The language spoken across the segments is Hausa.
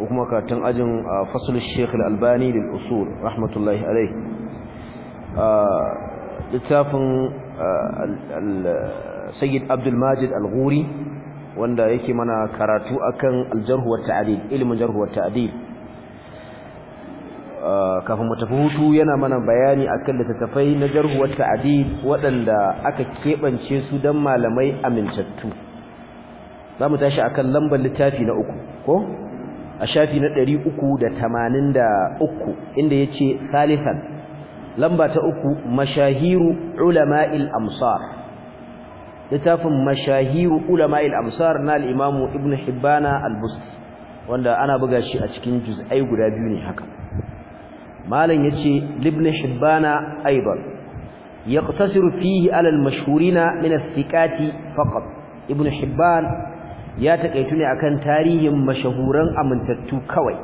ko kuma karatun ajin fasul Sheikh Al-Albani lil usul rahmatullahi alayhi littafin Sayyid Abdul Majid Al-Ghuri wanda yake mana karatu akan al-jarh wa ta'dil ilmin jarh wa ta'dil kafin mu tafi hutu yana mana bayani akan littattafai na jarh wa ta'dil waɗanda aka kebance su dan malamai amintattu zamu tashi akan lambar littafi na uku ko a shafi na ɗari uku da da uku inda yace salisan lamba ta uku mashahiru ulama'il amsar littafin mashahiru ulama'il amsar na al-imam ibn hibbana al wanda ana buga shi a cikin juz'ai guda biyu ne haka malam yace ibn hibbana aibar yaqtasiru fihi ala al-mashhurina min ath faqat ibn hibban ya takaitu ne akan tarihin mashahuran amintattu kawai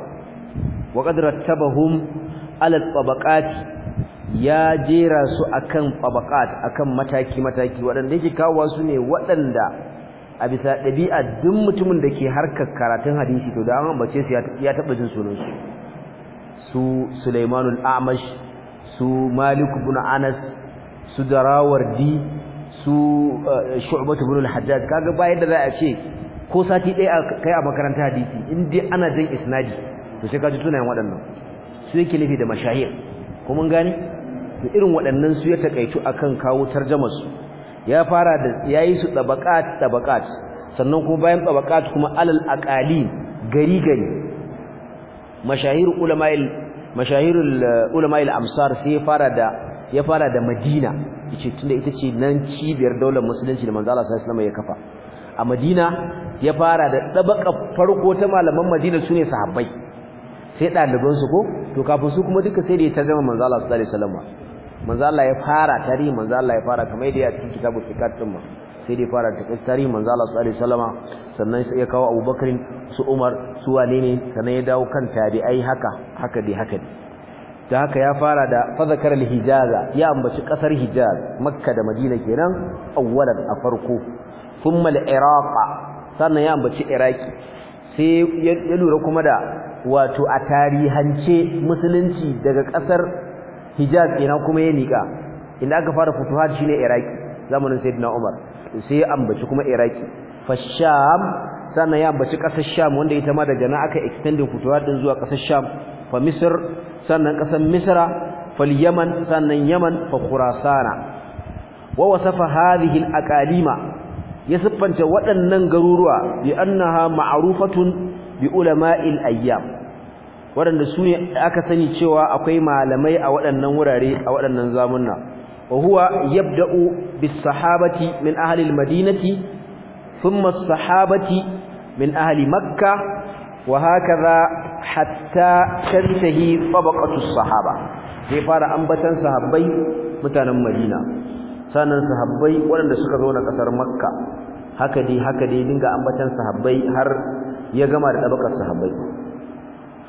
wa qad ala tabaqat ya jera su akan tabaqat akan mataki mataki wadanda yake kawo su ne wadanda a bisa dabi'a duk mutumin da ke harkar karatun hadisi to da an su ya taba jin sunan su su Sulaimanul Amash su Malik ibn Anas su Darawardi su eh, Shu'bah ibn al-Hajjaj kaga bayan da za a ce ko sati ɗaya kai a makaranta hadisi in dai ana jin isnadi to sai ka ji tunayen waɗannan su yake nufi da mashahir ko mun gane to irin waɗannan su ya takaitu akan kawo tarjamar su ya fara da yayi su tabaqat tabaqat sannan kuma bayan tabaqat kuma alal aqali gari gari mashahir ulama'il mashahirul eh, ulama'il amsar sai ya fara da ya fara da Madina yace tunda ita ce nan cibiyar daular musulunci da manzo Allah sallallahu alaihi wasallam ya kafa a madina ya fara da dabaka farko ta malaman madina sune sahabbai sai ɗaliban su ko to kafin su kuma duka sai da ya tarjama manzo Allah sallallahu alaihi wasallam manzo Allah ya fara tarihi manzo Allah ya fara kamar da ya cikin kitabu fiqh din ma sai da ya fara tarihi manzo Allah sallallahu alaihi wasallam sannan sai ya kawo Abubakar su Umar su wane ne sannan ya dawo kan ai haka haka dai haka dai da haka ya fara da fadhakar al-hijaza ya ambaci kasar hijaz makka da madina kenan awwalan a farko thumma al iraqa sannan ya ambaci iraki sai ya lura kuma da wato a tarihance musulunci daga kasar hijaz ina kuma ya nika inda aka fara futuhat shine iraki zamanin sayyidina umar sai ya ambaci kuma iraki fasham sannan ya ambaci kasar sham wanda ita ma da jana aka extending futuhat din zuwa kasar sham fa misr sannan kasar misra fal yaman sannan yaman fa khurasana wa wasafa hadhihi al aqalima ya siffanta waɗannan garuruwa bi annaha ma'rufatun bi ulama'il ayyam waɗanda su ne aka sani cewa akwai malamai a waɗannan wurare a waɗannan zamunna wa huwa yabda'u bis sahabati min ahli al madinati thumma as sahabati min ahli makkah wa hakaza hatta tantahi tabaqatu as sahaba zai fara ambatan sahabbai mutanen madina sanan sahabbai waɗanda suka zo na ƙasar makka haka dai haka dai dinga ambatan sahabbai har ya gama da tabakar sahabbai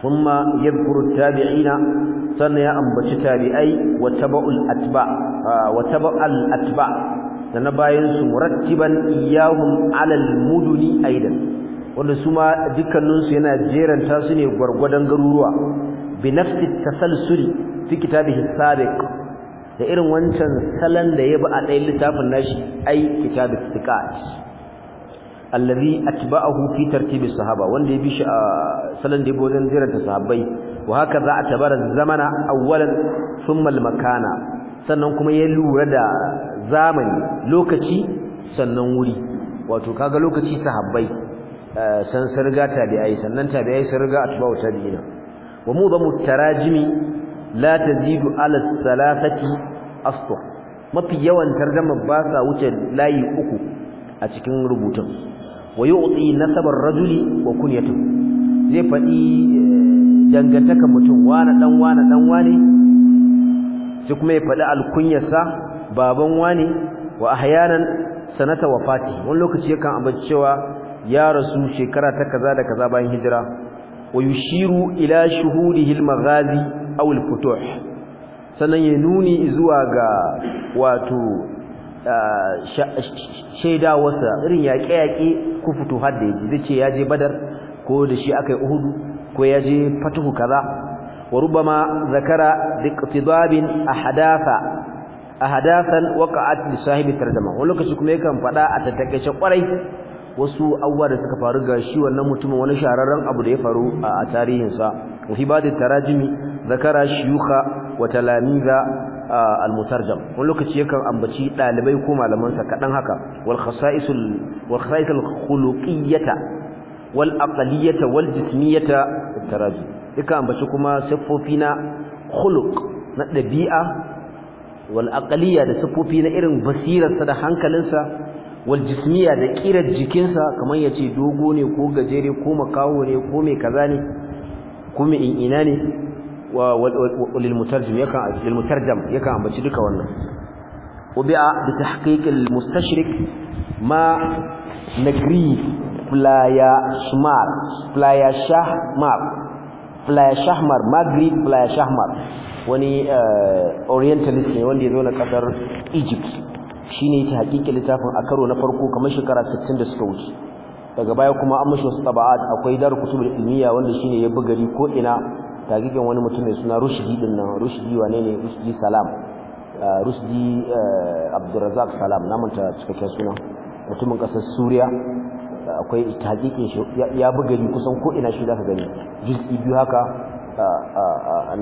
thumma yadhkuru tabi'ina sannan ya ambaci tabi'ai wa tabaul atba wa na atba sannan bayan su murattiban iyahum alal muduni aidan wanda su ma dukkanin su yana jeranta su ne gwargwadon garuruwa bi nafsi tasalsuli fi kitabihi sabiq da irin wancan salan da ya bi a ɗayan littafin nashi ai kitabus siqat allazi atba'ahu fi tartibi sahaba wanda ya bi shi a salan da wajen jiranta sahabbai wa haka za a tabara zamana awwalan thumma makana sannan kuma ya lura da zamani lokaci sannan wuri wato kaga lokaci sahabbai eh, san sun riga tabi'ai sannan tabi'ai sun riga atba'u tabi'ina wa mu ba la tazidu ala thalathati asṭa mafi yawan tarjama ba sa wuce layi uku a cikin rubutun wa yu'ti nasabar rajuli wa kunyatu zai faɗi eh, dangantaka mutum wani dan wani dan wani sai kuma ya faɗi alkunyarsa baban wani wa ahyanan sanata wafati wani lokaci yakan ambaci cewa ya rasu shekara ta kaza da kaza bayan hijira wa yushiru ila shuhudihi al-maghazi aw al-futuh sanan ya nuni zuwa ga wato shaida wasa irin yaƙe-yaƙe ku fito har da yaji zai ce ya je badar ko da shi aka yi uhudu ko ya je fatuhu kaza wa rubama zakara a a ahdatha ahadathan waqa'at da sahibi tarjuma wani lokaci kuma yakan faɗa a tattakaice kwarai wasu abubuwa da suka faru ga shi wannan mutumin wani shahararren abu da ya faru a tarihinsa muhibatit tarajimi zakara shuka wa talamiza al-mutarjam wani lokaci yakan ambaci dalibai ko malamansa kadan haka wal khasa'isul wal khasa'isul khuluqiyyata wal aqliyyata wal jismiyyata taraji yakan ambaci kuma siffofi na khuluq na dabi'a wal aqliyya da siffofi na irin basirarsa da hankalinsa wal jismiyya da kirar jikinsa kamar yace dogo ne ko gajere ko makawo ne ko mai kaza ne ko mai in'ina ne وللمترجم يكن للمترجم يكن ambaci duka wannan ubi'a bi tahqiq al-mustashrik ma nagri playa smart playa shahmar playa shahmar maghrib playa shahmar wani eh, orientalist ne wanda ya zo na kasar Egypt shine ta hakikin littafin a karo na farko kamar shekara 60 da suka wuce daga baya kuma an mashi wasu taba'at akwai dar kutubul ilmiya wanda shine ya bugari ko ina tagigin wani mutum mai suna rushdi din nan rushdi wane ne rushdi salam uh, rushdi uh, abdurrazak salam na manta cikakken suna mutumin kasar suriya uh, akwai tagikin shi ya buga kusan ko ina shi zaka gani juz'i biyu haka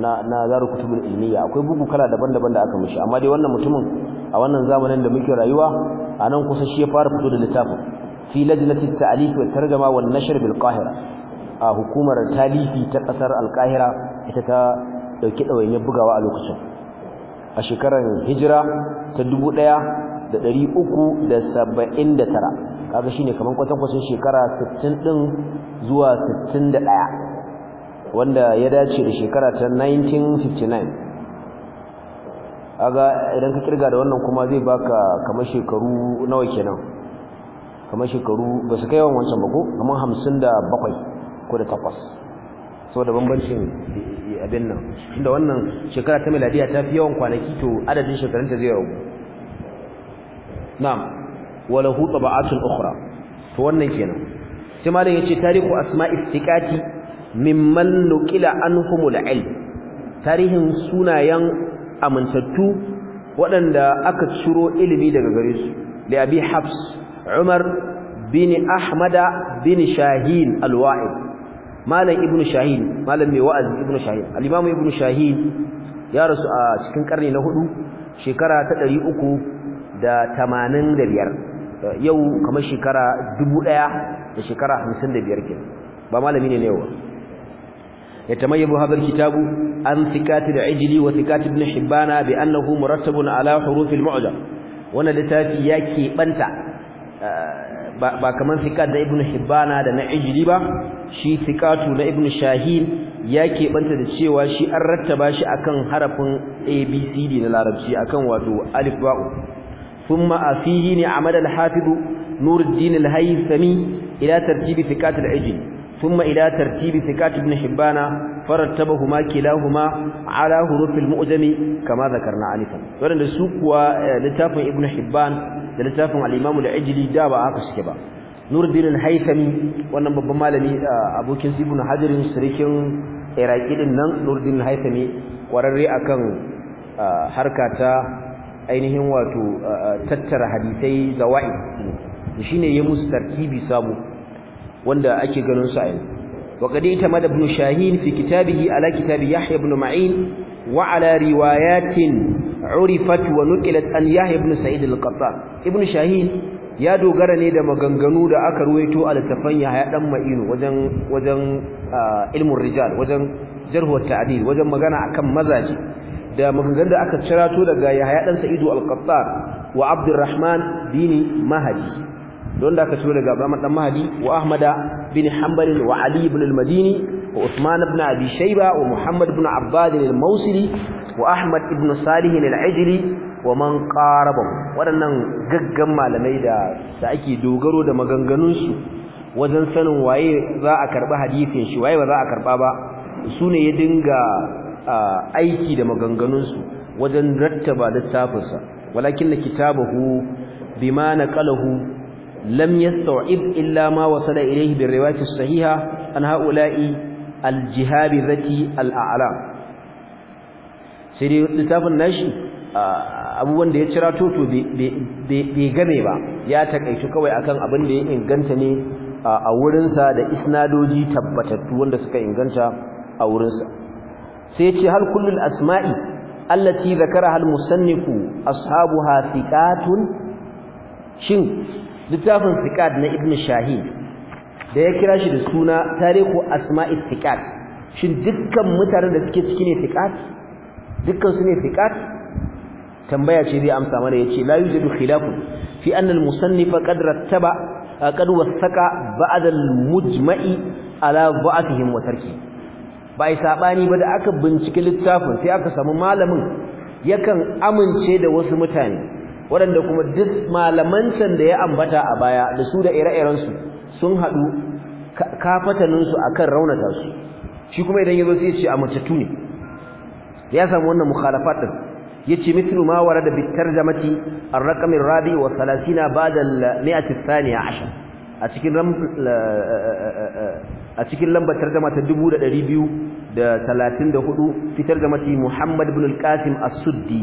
na zaru kutubin ilmiya akwai bugu kala daban-daban da aka mishi amma dai wannan mutumin a wannan zamanin da muke rayuwa a nan kusa shi ya fara fito da littafin fi lajnati ta'alif wa tarjuma wa nashr bil qahira a hukumar talifi ta kasar alkahira ita ta dauki ɗawainiyar bugawa a lokacin a shekarar hijira ta 1379 kaga shine kaman kwatankwacin shekara 60 din zuwa 61 wanda ya dace da shekara ta 1959 ga, idan ka kirga da wannan kuma zai baka kamar shekaru nawa kenan kamar shekaru ba su kai yawan wancan ba ko kamar 57 ko da takwas saboda bambancin eh, eh, abin nan inda wannan shekara ta miladiya ta fi yawan kwanaki to adadin shekarun ta zai ragu na'am wala hu tab'atun ukhra to wannan kenan sai malam yace tarihu asma'i istiqati mimman nuqila anhumul ilm tarihin sunayen amintattu waɗanda aka ciro ilimi daga gare su da abi hafs umar bin ahmada bin shahin alwa'id malam ibnu shahin malam mai wa'azi ibnu shahin al-imamu ibnu shahin ya rasu a cikin karni na hudu shekara ta 385 yau kamar shekara 1000 da shekara 55 kenan ba malami ne ne yau يتميز هذا الكتاب عن ثكات العجل وثكات ابن حبان بأنه مرتب على حروف المعجم وانا لتاتي ياكي بنتا با da Ibn ابن da na عجل ba? shi thiqatu na ibnu shahin ya keɓanta da cewa shi an rattaba shi akan harafin abcd na larabci akan wato alif ba'u thumma afihi ni amad al-hafiz nuruddin al-haythami ila tartibi thiqat al-ijli thumma ila tartibi thiqat ibn hibbana faratabahuma kilahuma ala hurufil mu'jami kama zakarna anifan wadanda su kuwa eh, littafin ibn hibban da littafin al-imam al-ijli da ba haka suke ba Nuruddin al wannan babban malami abokin Ibn hadirin sirikin Iraki din nan nurdin al kwararre akan harka ta ainihin wato tattara hadisai zawai shine ya musu tartibi sabu wanda ake ganin su a yanzu وقد اعتمد ابن شاهين في كتابه على كتاب يحيى بن معين وعلى روايات عرفت ونقلت عن يحيى بن سعيد القطان ابن shahin. ya dogara ne da maganganu da aka ruwaito a littafan yahaya dan Ma'inu wajen wajen rijal wajen jarh wa ta'dil wajen magana akan mazaji da maganganu da aka cirato daga Yahya dan Sa'idu al-Qattan wa Abdurrahman bin Mahdi don da aka ciro daga Abdurrahman dan Mahdi wa Ahmada bin Hanbal wa Ali ibn al-Madini wa usman ibn Abi Shayba wa Muhammad ibn Abbad al-Mawsili wa Ahmad ibn Salih al-Ajli wa man waɗannan gaggan malamai da da ake dogaro da maganganun su wajen sanin waye za a karba hadisin shi waye ba za a karba ba sune ya dinga aiki da maganganun su wajen rattaba littafinsa walakin kitabahu bima naqalahu lam yastaw'ib illa ma wasala ilayhi bi riwayati sahiha an haula'i al zati al-a'lam sai littafin nashi abubuwan da ya cira toto bai game ba ya takaitu kawai akan abin da ya inganta ne a wurinsa da isnadoji tabbatattu wanda suka inganta a wurinsa sai ce hal kullum asma'i allati zakara al-musannifu ashabuha thiqatun shin littafin thiqat na ibn Shahi da ya kira shi da suna tarihu asma'i thiqat shin dukkan mutanen da suke ciki ne thiqat dukkan su ne thiqat tambaya ce zai amsa mana yace la yujadu khilafun fi anna al-musannif qad rattaba qad wasaqa ba'd al-mujma'i ala dha'fihim wa tarki bai sabani ba da aka bincike littafin sai aka samu malamin yakan amince da wasu mutane waɗanda kuma duk malamancan da ya ambata a baya da su da ire-iren su sun haɗu kafatanin su akan raunata su shi kuma idan yazo sai ya ce a tuni ya samu wannan mukhalafat din yace mithlu ma warada bi tarjamati ar-raqam ar-rabi wa 30 ba'da al-mi'ati ath-thaniya 10 a cikin eh, eh, eh, a cikin lambar tarjuma ta 2234 fitar da mati Muhammad ibn al-Qasim as-Suddi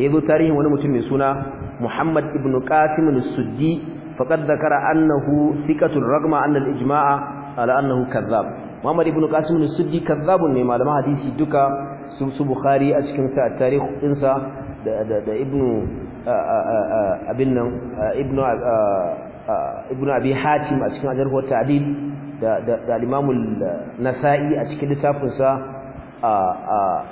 yazo tarihin wani mutum mai suna Muhammad ibn Qasim as-Suddi faqad zakara annahu thiqatul ragma anna al-ijma'a ala annahu kadhab Muhammad ibn Qasim as-Suddi kadhabun ne malaman hadisi duka su su bukhari a cikin sa tarihi ɗinsa da ibnu abin nan abi hatim a cikin ajarhu wa ta'dil da da al-imam nasai a cikin littafin sa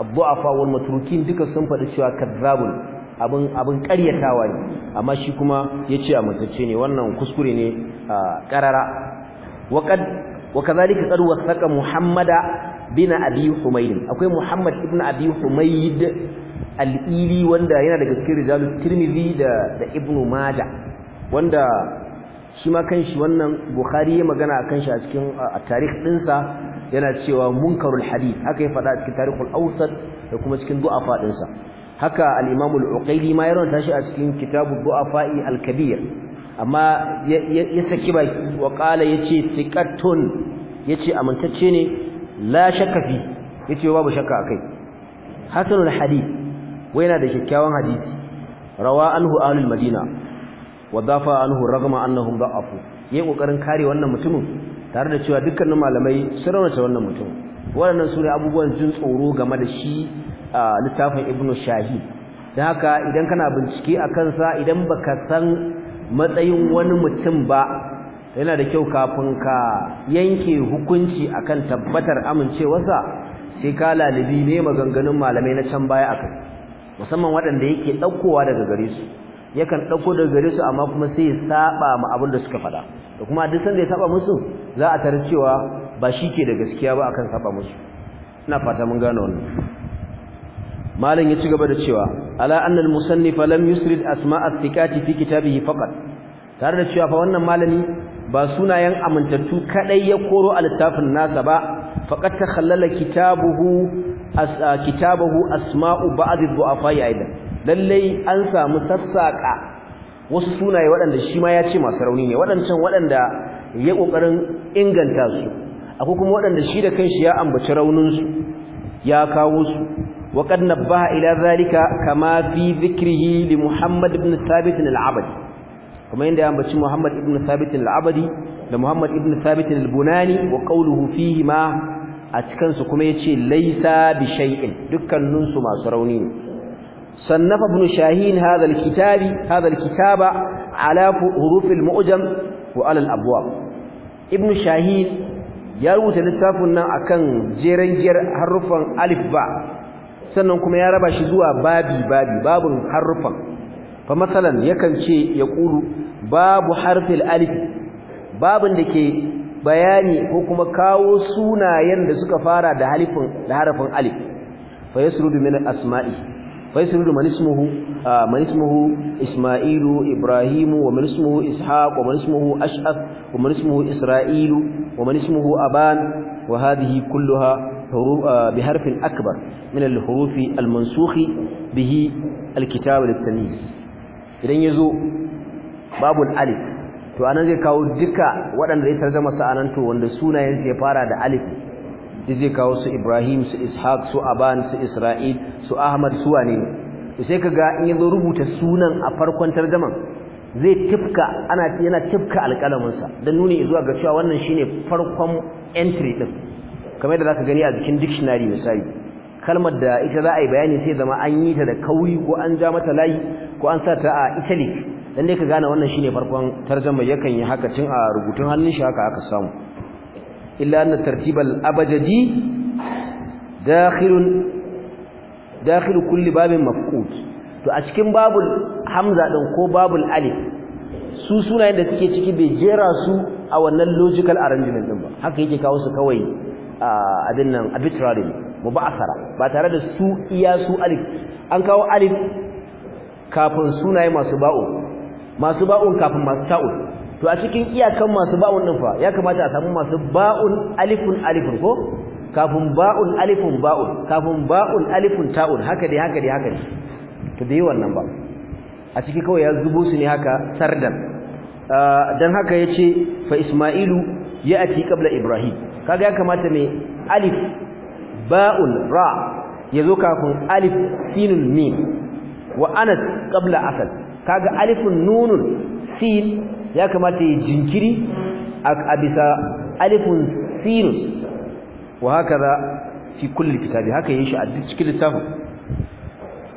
ad-du'afa wal matrukin duka sun faɗi cewa kadzabun abin abin ƙaryatawa ne amma shi kuma yace a mutacce ne wannan kuskure ne karara wa kad wa kadhalika qad wasaqa muhammada bin abi humayd akwai muhammad ibn abi humayd al-ili wanda yana daga cikin rijalul tirmidhi da da ibnu majah wanda shi ma kanshi wannan bukhari ya magana akan shi a cikin tarikh dinsa yana cewa munkarul hadith haka ya faɗa cikin tarihul awsat da kuma cikin du'afa dinsa haka al-imam al-uqayli ma ya rawata a cikin kitabud du'afa'i al-kabir amma ya saki baki wa qala yace thiqatun yace amintacce ne la shakka fi yace babu shakka akai hasanul hadith wai yana da kyakkyawan hadisi rawa anhu ahlul madina wa dafa anhu ragma annahum da'afu yayi kokarin kare wannan mutumin tare da cewa dukkanin malamai sun raunata wannan mutum waɗannan sune abubuwan jin tsoro game da shi a littafin ibnu shahid dan haka idan kana bincike a kansa idan baka san matsayin wani mutum ba yana da kyau kafin ka yanke hukunci akan tabbatar amincewarsa sai ka lalibi ne maganganun malamai na can baya akan musamman waɗanda yake ɗaukowa daga gare su yakan ɗauko daga gare su amma kuma sai ya saba ma abin da suka faɗa da kuma duk sanda ya saba musu za a tarar cewa ba shi ke da gaskiya ba akan saba musu ina fata mun gane wannan malam ya ci gaba da cewa ala annal al musannif lam yusrid asma' thiqati fi kitabihi faqat tare da cewa fa wannan malami ba sunayen amintattu kadai ya koro a littafin nasa ba faqad takhallala kitabuhu kitabuhu asma'u ba'd ad-du'afa aidan lalle an samu sassaƙa wasu sunaye waɗanda shi ma ya ce masu rauni ne waɗancan waɗanda ya kokarin inganta su akwai kuma waɗanda shi da kanshi ya ambaci raunin su ya kawo su wa qad nabbaha ila zalika kama fi dhikrihi li muhammad ibn thabit al-abadi kamar yadda ya ambaci Muhammad ibn Thabit al-Abadi da Muhammad ibn Thabit al-Bunani wa qawluhu fihi ma a cikin su kuma yace laysa bi shay'in dukkanin su masu rauni sannafa ibn Shahin hadha al-kitabi hadha al-kitaba ala huruf al-mu'jam wa ala al-abwab ibn Shahin ya rubuta littafin nan akan jeran giyar harufan alif ba sannan kuma ya raba shi zuwa babi babi babun harufan fa masalan yakan ce ya ƙulu babu harfin alif babin da ke bayani ko kuma kawo sunayen da suka fara da harafin alif fa yasrudu min asma'i fa yasrudu man ismuhu man isma'ilu ibrahimu wa man ismuhu ishaq wa man ismuhu ash'af wa man isra'ilu wa man ismuhu aban wa hadihi kulluha bi بحرف أكبر من الحروف المنسوخ به الكتاب للتمييز idan ya zo babul alif to anan zai kawo duka waɗanda ya tarzama sa'anan wanda sunayen ya fara da alif zai kawo su Ibrahim su Ishaq su Aban su Isra'il su Ahmad su wane to sai kaga in yazo rubuta sunan a farkon tarjaman zai tifka ana yana tifka alƙalamin sa dan nuni zuwa ga cewa wannan shine farkon entry din kamar yadda zaka gani a cikin dictionary misali kalmar da ita za a yi bayani sai zama an yi ta da kauri ko an ja mata layi ko an sa ta a italic dan dai ka gane wannan shine farkon tarjuma yakan yi haka tun a rubutun hannun shi haka aka samu illa anna tartibal abjadi dakhilun dakhil kulli babin mafqut to a cikin babul hamza din ko babul alif su sunayen da suke ciki bai jera su a wannan logical arrangement din ba haka yake kawo su kawai abin nan arbitrary mubasara ba tare da su iya su alif an kawo alif kafin sunaye masu ba'u masu ba'un kafin masu ta'un to a cikin iyakan masu ba'un din fa ya kamata a samu masu ba'un alifun alifun ko kafin ba'un alifun ba'un kafin ba'un alifun ta'un haka dai haka dai haka to dai wannan ba a ciki kawai ya zubo su ne haka sardan dan haka yace fa isma'ilu ya'ti qabla ibrahim kaga ya kamata me alif ba'un ra yazo kafin alif sinun mim wa anas qabla asad kaga alifun nunun sin ya kamata ya jinkiri a bisa alifun sinun wa hakaza fi kulli kitabi haka yayin shi a cikin littafin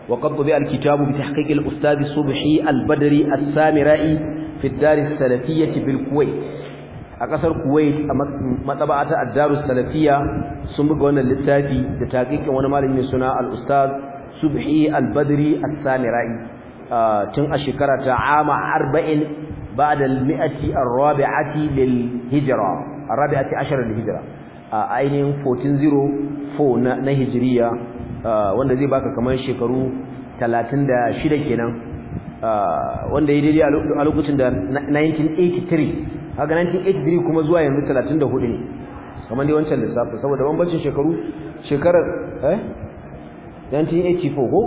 وقد طبع الكتاب بتحقيق الأستاذ الصبحي البدري السامرائي في الدار السلفية بالكويت أقصر كويت مطبعة الدار السلفية سنبقى وانا للتافي لتحقيق وانا مالي من سنة الأستاذ subhi al-badri as-samirai uh, tun a shekara ta ama 40 ba'da al-mi'ati ar-rabi'ati lil hijra ar-rabi'ati ashara lil hijra a ainihin 1404 na, hijriya uh, wanda zai baka kamar shekaru 36 kenan uh, wanda ya daidai a lokacin da 1983 haka 1983 kuma zuwa yanzu 34 ne kamar dai wancan lissafi saboda bambancin shekaru shekarar eh 1984 ko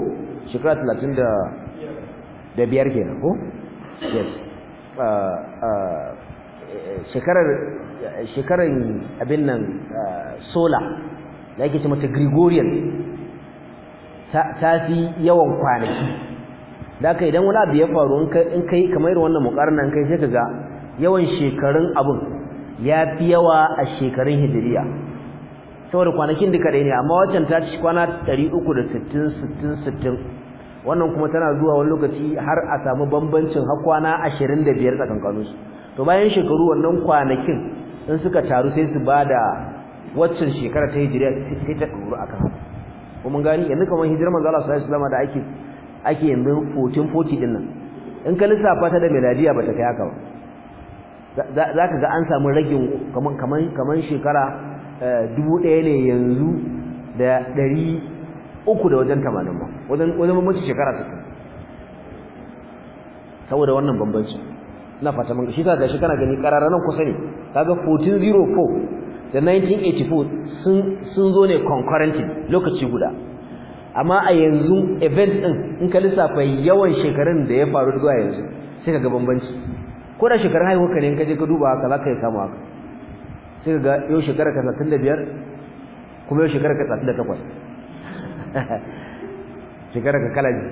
shekara 30 da biyar kenan ko yes uh, uh, shekarar shekarar abin nan uh, sola da yake ce mata gregorian ta fi yawan kwanaki da aka idan wani abu ya faru in kai kamar irin wannan nan kai sai ka ga yawan shekarun abun ya fi yawa a shekarun hijiriya saboda kwanakin duka ɗaya ne amma waccan ta ci kwana 360 60 wannan kuma tana zuwa wani lokaci har a samu bambancin har kwana 25 tsakankanin su to bayan shekaru wannan kwanakin in suka taru sai su ba da waccan shekara ta hijira sai ta duru a haka kuma gani yanzu kamar hijirar manzo Allah sallallahu alaihi wasallam da ake ake yanzu 1440 din nan in ka lissafa ta da miladiya ta kai haka ba za ka ga an samu ragin kaman shekara dubu ɗaya ne yanzu da ɗari uku da wajen tamanin ba wajen bambanci shekara sittin saboda wannan bambanci na fata mun shi ta gashi kana gani nan kusa ne kaga 1404 da 1984 sun sun zo ne concurrently lokaci guda amma a yanzu event din in ka lissafa yawan shekarun da ya faru zuwa yanzu sai kaga bambanci ko da shekarun haihuwa ka ne in ka je ka duba haka za ka yi samu haka sai ga yau shekara ka 35 kuma yau shekara ka 38 shekara ka kala ne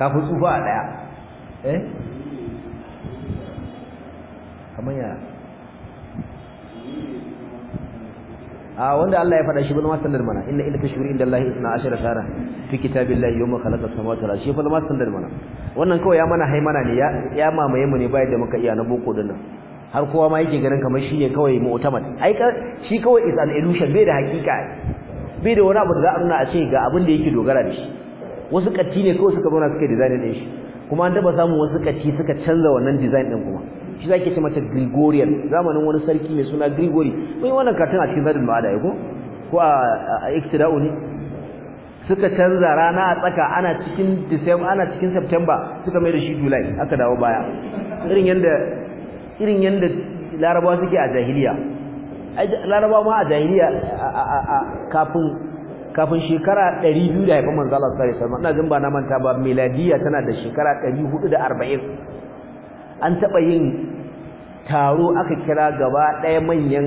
ka fi tsufa a daya eh kamar ya a wanda Allah ya faɗa shi bin ma darmana mana inda illa shuri inda Allah suna ashirar shara fi kitabillahi yawma khalaqa samawati tara shi bal ma sallar mana wannan kawai ya mana haimana ne ya mamaye mu ne bayan da muka iya na boko dinnan har kowa ma yake ganin kamar shi ne kawai mu'tamad ai shi kawai is an illusion bai da hakika bai da wani abu da za a nuna a ce ga abin da yake dogara da shi wasu katti ne kawai suka zauna suka design din shi kuma an taba samun wasu katti suka canza wannan design din kuma shi zake ce mata Gregorian zamanin wani sarki mai suna Gregory mai wannan katin a cikin zadin ba'ada ko ko a iktida'u ne suka canza rana a tsaka ana cikin December ana cikin September suka mai da shi July aka dawo baya irin yanda irin yadda larabawa suke a jahiliya larabawa ma a jahiliya kafin kafin shekara 200 da haifin manzo su sallallahu alaihi wasallam ina ba na manta ba Meladiya tana da shekara 440 an taɓa yin taro aka kira gaba ɗaya manyan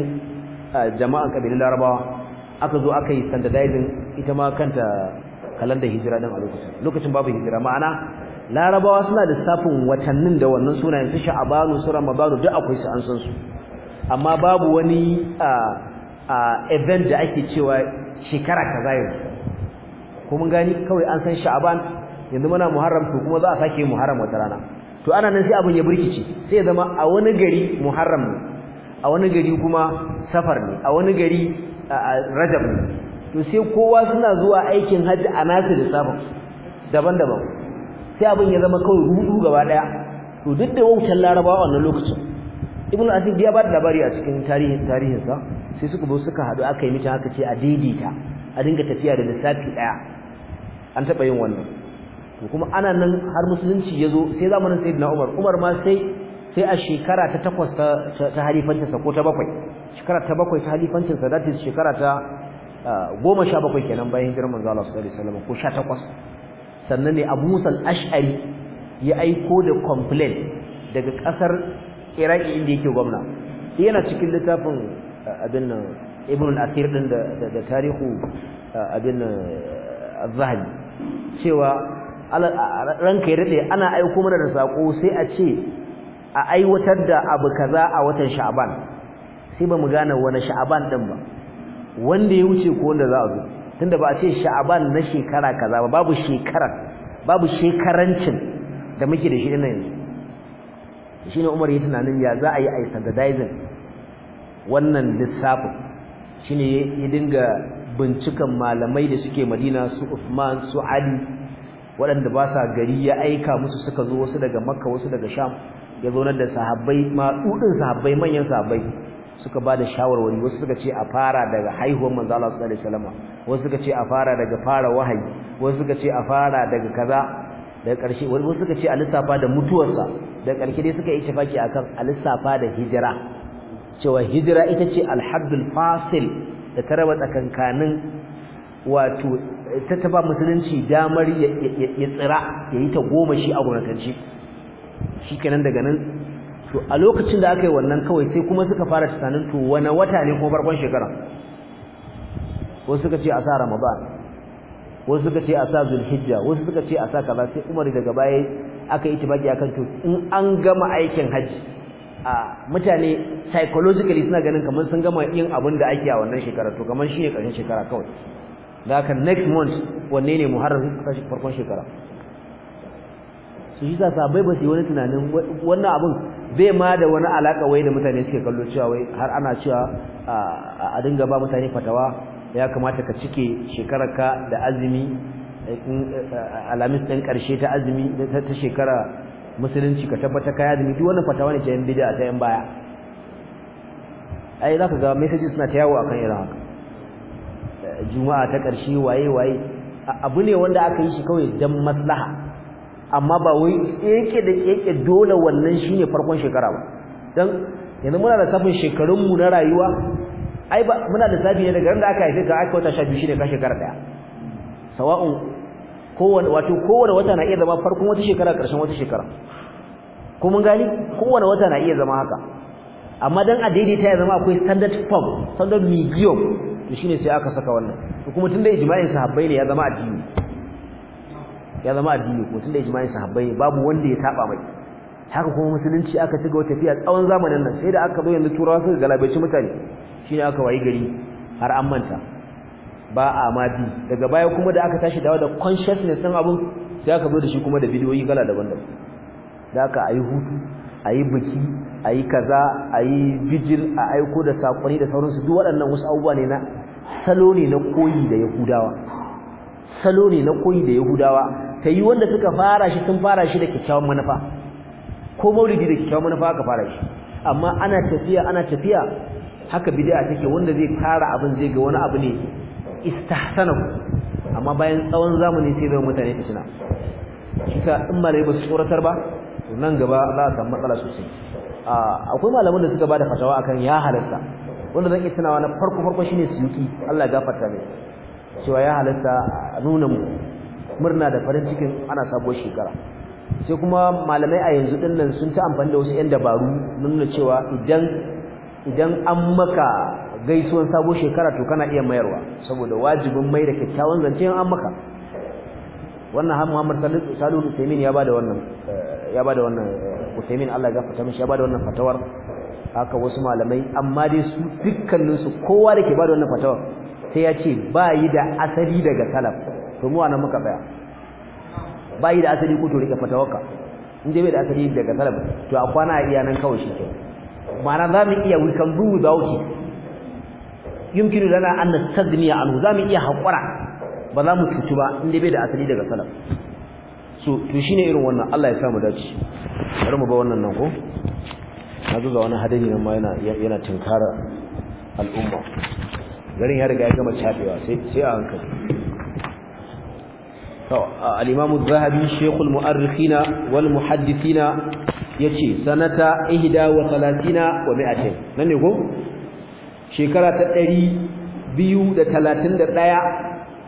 jama'an kabilan larabawa aka zo aka yi standardizing ita ma kanta kalandar hijira din a lokacin lokacin babu hijira ma'ana larabawa suna da safin watannin da wannan sunayen su sha'abanu su ramadanu duk akwai su an san su amma babu wani event da ake cewa shekara kaza yanzu ko mun gani kawai an san sha'aban yanzu muna muharram to kuma za a sake muharram wata rana to ana nan sai abin ya burkice sai ya zama a wani gari muharram ne a wani gari kuma safar ne a wani gari rajab ne to sai kowa suna zuwa aikin hajji a nasu da lissafin daban-daban sai abin ya zama kawai hudu gaba daya to duk da wautar larabawa wannan lokacin ibnu asif ya ba da labari a cikin tarihin tarihinsa sai suka bo suka hadu aka yi mita haka ce a daidaita a dinga tafiya da lissafi daya an taba yin wannan to kuma ana nan har musulunci ya zo sai zamanin sayyidina umar umar ma sai sai a shekara ta takwas ta halifancinsa ko ta bakwai shekara ta bakwai ta halifancinsa da ta shekara ta ah, goma sha bakwai kenan bayan girman manzo Allah sallallahu alaihi wasallam ko sha takwas sannan ne abu musa ash'ari ya aiko da complain daga ƙasar iraki inda yake gwamna yana cikin littafin uh, abin nan ibn al-asir din da da tarihu uh, abin az-zahabi cewa ranka ya dade ana aiko mana da sako sai a ce a aiwatar da abu kaza a watan sha'ban sai ba mu gane wani sha'ban din ba wanda ya wuce ko wanda za a zo tunda ba a ce sha'aban na shekara kaza ba babu shekaran babu shekarancin da muke da shi ne yanzu shine Umar yi tunanin ya za a yi a standardizing wannan lissafin shine ya dinga bincikan malamai da suke Madina su Uthman su Ali waɗanda ba sa gari ya aika musu suka zo wasu daga Makka wasu daga Sham ya zo nan da sahabbai ma dudin sahabbai manyan sahabbai suka bada shawarwari wasu suka ce a fara daga haihuwar manzo Allah sallallahu alaihi wasallam wasu suka ce a fara daga fara wahayi wasu suka ce a fara daga kaza daga ƙarshe wasu suka ce a lissafa da mutuwarsa daga ƙarshe dai suka yi tafaki akan a lissafa da hijira cewa hijira ita ce alhaddul fasil da ta raba tsakankanin wato ta taba musulunci damar ya tsira ya yi ta goma shi a gonakance shi kenan daga nan to a lokacin da aka yi wannan kawai sai kuma suka fara tsananin to wani wata ne kuma farkon shekara wasu suka ce a sa ramadan wasu suka ce a sa zulhijja wasu suka ce a sa kaza sai umar daga baya aka yi tibaki akan to in an gama aikin hajji a mutane psychologically suna ganin kamar sun gama yin abin da ake a wannan shekara to kamar shi ne ƙarshen shekara kawai da haka next month wanne ne muharram farkon shekara su shi sa sabai ba su yi wani tunanin wannan abin bai ma da wani alaka wai da mutane suke kallo cewa wai har ana cewa a dinga ba mutane fatawa ya kamata ka cike shekararka da azumi alamis ɗin ƙarshe ta azumi ta shekara musulunci ka tabbata ka azumi duk wannan fatawa ne ta yan bid'a ta yan baya ai za ka ga messages suna ta yawo akan irin haka juma'a ta ƙarshe waye waye abu ne wanda aka yi shi kawai dan maslaha amma ba wai yake da yake dole wannan shine farkon shekara ba dan yanzu muna safin shekarun mu na rayuwa ai ba muna da safi ne daga ran aka haife ka aka wata 12 shine ka shekara daya sawa'un kowane wato kowane wata na iya zama farkon wata shekara karshen wata shekara ko mun gani kowane wata na iya zama haka amma dan a daidaita ya zama akwai standard form standard medium to shine sai aka saka wannan kuma tunda ijma'in sahabbai ne ya zama addini ya zama addini ko tunda ijma'in sahabbai babu wanda ya taba mai haka kuma musulunci aka ci gaba tafiya tsawon zamanin nan sai da aka zo yanzu turawa suka galabaici mutane shine aka wayi gari har an manta ba a ma bi daga baya kuma da aka tashi dawo da consciousness din abun sai aka zo da shi kuma da bidiyoyi kala daban-daban da aka ayi hutu ayi biki ayi kaza ayi vigil a aiko da sakonni da sauransu duk waɗannan wasu abubuwa ne na salo ne na koyi da yahudawa salo ne na koyi da yahudawa ta yi wanda suka fara shi sun fara shi da kyakkyawan manufa ko maulidi da kyakkyawan manufa aka fara shi amma ana tafiya ana tafiya haka bid'a take wanda zai fara abin zai ga wani abu ne istahsanahu amma bayan tsawon zamani sai da mutane su tuna kisa in malai ba su tsoratar ba to nan gaba za a samu matsala sosai akwai malaman da suka bada fatawa akan ya halasta wanda zan iya tunawa na farko farko shine suyuki Allah ya gafarta mai cewa ya halasta nuna mu murna da farin cikin ana sabuwar shekara sai kuma malamai a yanzu din nan sun ci amfani da wasu yan dabaru nuna cewa idan idan an maka gaisuwar sabuwar shekara to kana iya mayarwa saboda wajibin mai da kyakkyawan zance an maka wannan har Muhammad Salihu Usaimin ya bada wannan eh, ya bada wannan eh, Usaimin Allah ya gafarta mishi ya bada wannan fatawar haka wasu malamai amma dai su dukkaninsu kowa da ke bada wannan fatawar sai ya ce ba yi da asali daga salaf to mu anan muka tsaya bai da asali ko to rike fatawaka in dai bai da asali daga salaf to a kwana a iya nan kawai shi ke ma'ana za mu iya we can do without it yumkin lana an nastagniya an za mu iya haƙura ba za mu cutu ba in dai bai da asali daga salaf so to shine irin wannan Allah ya sa mu dace bari mu ba wannan nan ko na zo ga wani hadari nan ma yana yana tinkara al'umma garin ya riga ya gama cafewa sai sai a hankali الإمام الذهبي شيخ المؤرخين والمحدثين يتي سنة إهدا وثلاثين ومائتين من يقول شكرة تأري بيو دا ثلاثين دا تايا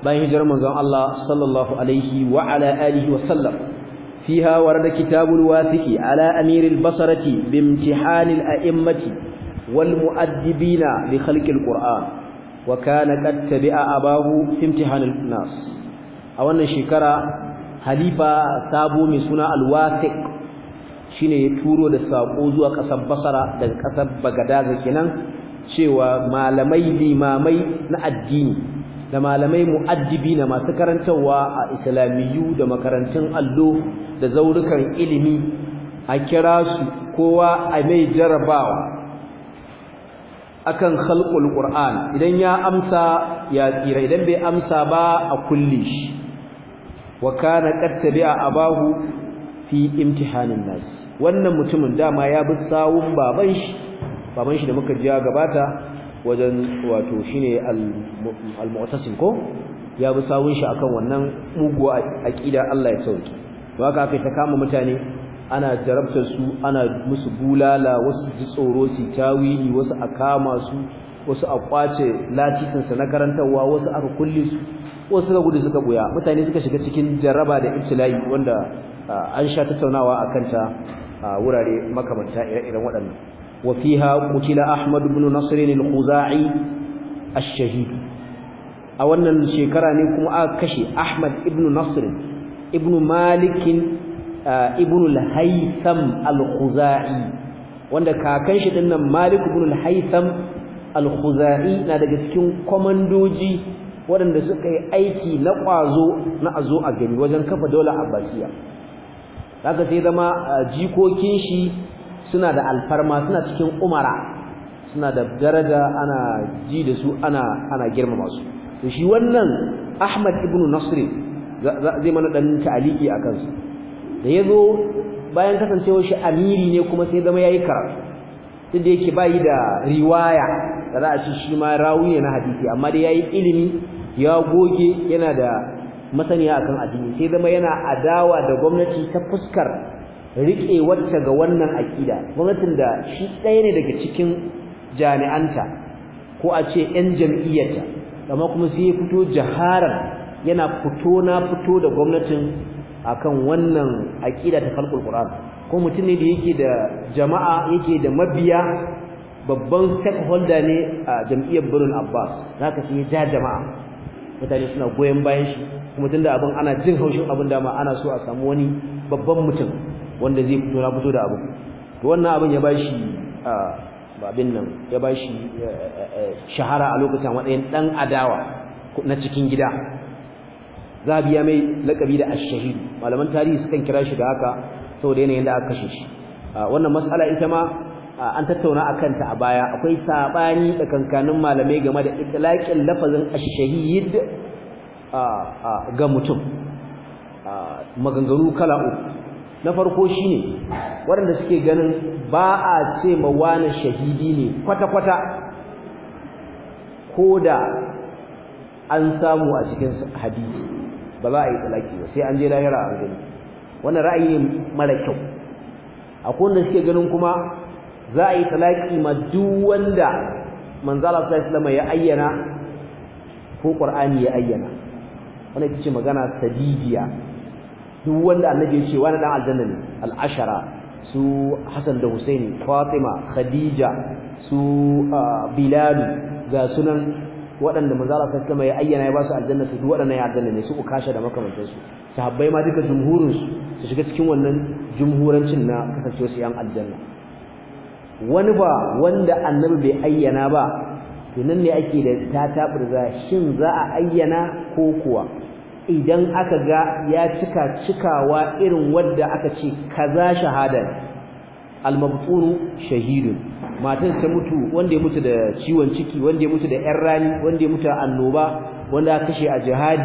باين هجر منزان الله صلى الله عليه وعلى آله وسلم فيها ورد كتاب الواثق على أمير البصرة بامتحان الأئمة والمؤدبين لخلق القرآن وكان قد تبع أباه في امتحان الناس a wannan shekara halifa sabo mai suna shi ne ya turo da saƙo zuwa ƙasar basara daga bagada ga kenan cewa malamai limamai na addini da malamai muaddibi na masu karantarwa a islamiyu da makarantun allo da zaurukan ilimi a kira su kowa a mai jarabawa akan khalqul qur'an idan ya amsa ya tsira idan bai amsa ba a kulle shi wa kana a abahu fi imtihanin nas wannan mutumin dama ya bi sawun baban shi baban shi da muka ji gabata wajen wato shine al-mu'tasim ko ya bi sawun shi akan wannan muguwa aqida Allah ya sauke waka kai ta kama mutane ana jarabtar su ana musu bulala wasu ji tsoro su tawili wasu a kama su wasu a kwace latisin sa na karantawa wasu aka kulle su wasu suka gudu suka buya mutane suka shiga cikin jaraba da ibtilai wanda an sha tattaunawa akan ta wurare makamanta ire-iren waɗannan wa fiha qutila ahmad ibn nasr al-khuzai ash-shahid a wannan shekara ne kuma aka kashe ahmad ibn nasr ibn malik ibn al-haytham al-khuzai wanda kakan shi dinnan malik ibn al-haytham al-khuzai na daga cikin komandoji waɗanda suka yi aiki na ƙwazo na azo a gari wajen kafa daular abbasiya haka sai zama jikokin shi suna da alfarma suna cikin umara suna da daraja ana ji da su ana ana girmama su to shi wannan Ahmad ibn Nasr zai mana dan ta'aliki a kansu. da ya zo bayan kasancewar shi amiri ne kuma sai zama yayi karatu duk da yake bayi da riwaya da za a ci shi ma rawi ne na hadisi amma dai yayi ilimi ya goge yana da masaniya akan addini sai zama yana adawa da gwamnati ta fuskar rike wacce ga wannan akida gwamnatin da shi ɗaya ne daga cikin jami'anta ko a ce 'yan jam'iyyarta amma kuma sai ya fito jaharar yana fito na fito da gwamnatin akan wannan akida ta kalkul qur'an ko mutum ne da yake da jama'a yake da mabiya babban stakeholder ne a jam'iyyar Birnin Abbas za ka ya ja jama'a mutane suna goyon bayan shi kuma tunda abin ana jin haushin abin da ma ana so a samu wani babban mutum wanda zai fito na fito da abin to wannan abin ya bashi abin nan ya bashi eh, eh, eh, shahara a lokacin matsayin dan adawa na cikin gida za a biya mai lakabi da ash-shahid malaman tarihi sukan kira shi da haka saboda yanayin da aka kashe shi wannan mas'ala ita ma an tattauna a kanta a baya akwai sabani tsakankanin malamai game da itlaqin lafazin ashahid ga mutum maganganu kala uku na farko shi ne, waɗanda suke ganin ba a ce mawana shahidi ne kwata-kwata Ko da an samu a cikin hadisi ba za a yi tsalaki ba sai an je lahira an gani wannan ra'ayi mara kyau akwai wanda suke ganin kuma za a yi talaki ma duk wanda manzala sallallahu ya ayyana ko qur'ani ya ayyana wani ita ce magana sadidiya duk wanda annabi ya ce wani dan aljanna ne al'ashara, su Hassan da husaini fatima khadija su Biladu, ga sunan waɗanda manzala sallallahu ya ayyana ya ba su aljanna su duk waɗannan ya aljanna ne su kasha da makamantansu sahabbai ma duka jumhurin su su shiga cikin wannan jumhurancin na kasancewa su yan aljanna wani ba wanda annabi bai ayyana ba to nan ne ake da taburza shin za a ayyana ko kuwa idan aka ga ya cika cikawa irin wadda aka ce kaza shahadar almabtunu shahidun Matan ta mutu wanda ya mutu da ciwon ciki wanda ya mutu da ƴan rani wanda ya mutu annoba wanda aka kashe a jihadi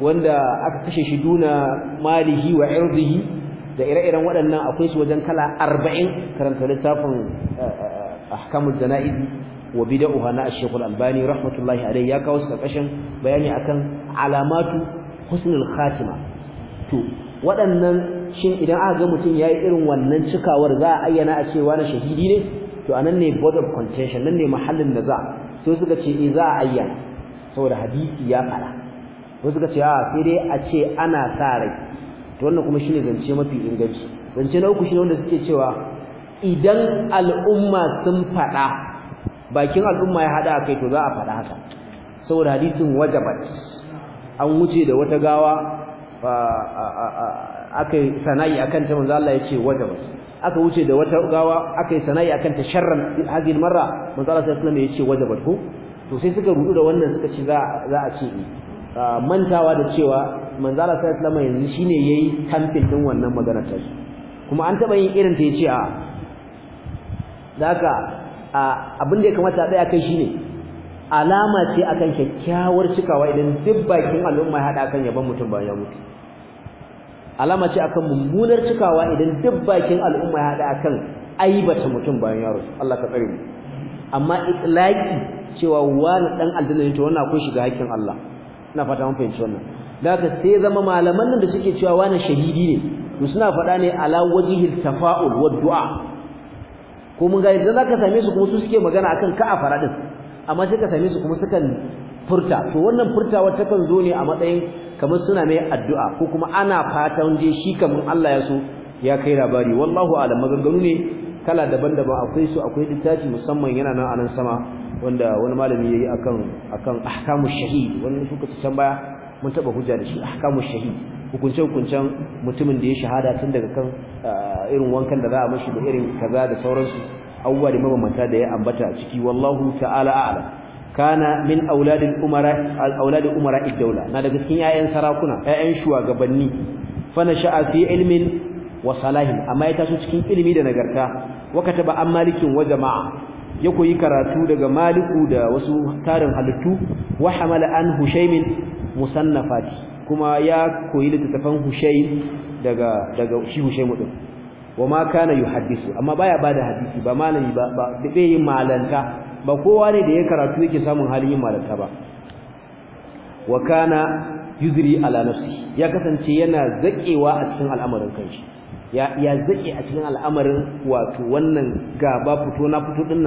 wanda aka kashe shi duna malihi wa irdihi da ire-iren waɗannan akwai su wajen kala arba'in karanta littafin eh, eh, eh, ahkamul jana'iz wa bid'uha na Sheikh Al-Albani rahmatullahi alayhi ya kawo su kashin bayani akan alamatu husnul khatima to waɗannan shin idan aka ga mutum yayi irin wannan cikawar za a ayyana a cewa na shahidi ne to anan ne board of contention nan ne mahallin da za sai suka ce eh za a ayyana saboda hadisi ya fara wasu suka ce a ah, sai dai a ce ana sa rai to wannan kuma shine zance mafi inganci zance na uku shine wanda suke cewa idan al'umma sun faɗa bakin al'umma ya hada kai to za a faɗa haka saboda hadisin wajabat an wuce da wata gawa aka yi sana'i akan ta manzo Allah yace wajabat aka wuce da wata gawa aka yi sana'i akan ta sharran hadhihi marra manzo Allah sallallahu alaihi wasallam yace wajabat ko to sai suka rudu da wannan suka ce za a ce mantawa da cewa manzo Allah sallallahu alaihi yanzu shine yayi kamfin din wannan magana ta kuma an taba yin irin ta yace a daka abin da ya kamata a tsaya kai shine alama ce akan kyakkyawar cikawa idan duk bakin al'umma ya hada kan yaban mutum ba ya mutu alama ce akan mummunar cikawa idan duk bakin al'umma ya hada akan aibata mutum bayan yaro Allah ka tsare mu amma itlaqi cewa wani dan aljanna ne to wannan akwai shiga hakkin Allah ina fata mun fahimci wannan daga sai zama malaman nan da suke cewa wani shahidi ne to suna faɗa ne ala wajihil tafa'ul wa du'a ko mun ga yadda zaka same su kuma su suke magana akan ka a faradin amma sai ka same su kuma sukan furta to wannan furtawa kan zo ne a matsayin kamar suna mai addu'a ko kuma ana fatan je shi kamar Allah ya so ya kai labari wallahu alam maganganu ne kala daban-daban akwai su akwai littafi musamman yana nan a nan sama wanda wani malami yayi akan akan ahkamu shahid wani suka ci can baya mun taba hujja da shi ahkamu shahid hukunce hukuncen mutumin da ya shahada tun daga kan ah, irin wankan da za a mashi da irin kaza da sauransu abubuwa da mabambanta da ya ambata a ciki wallahu ta'ala a'lam kana min auladil umara auladil umara na daga cikin 'ya'yan sarakuna 'ya'yan shugabanni fa nasha'a fi ilmin wa salahin amma ya taso cikin ilimi da nagarta wa kataba an malikin wa jama'a ya koyi karatu daga maliku da wasu tarin halittu wa hamala an hushaymin musannafati kuma ya koyi littattafan hushai daga daga shi hushai mutum wa ma kana yuhaddisu amma baya bada hadisi ba malami ba ba bai malanta ba kowa ne da ya karatu yake samun halin yin malanta ba wa kana yudri ala nafsi ya kasance yana zakewa a cikin al'amarin kanshi ya ya zake a cikin al'amarin wato wannan gaba fito na fito din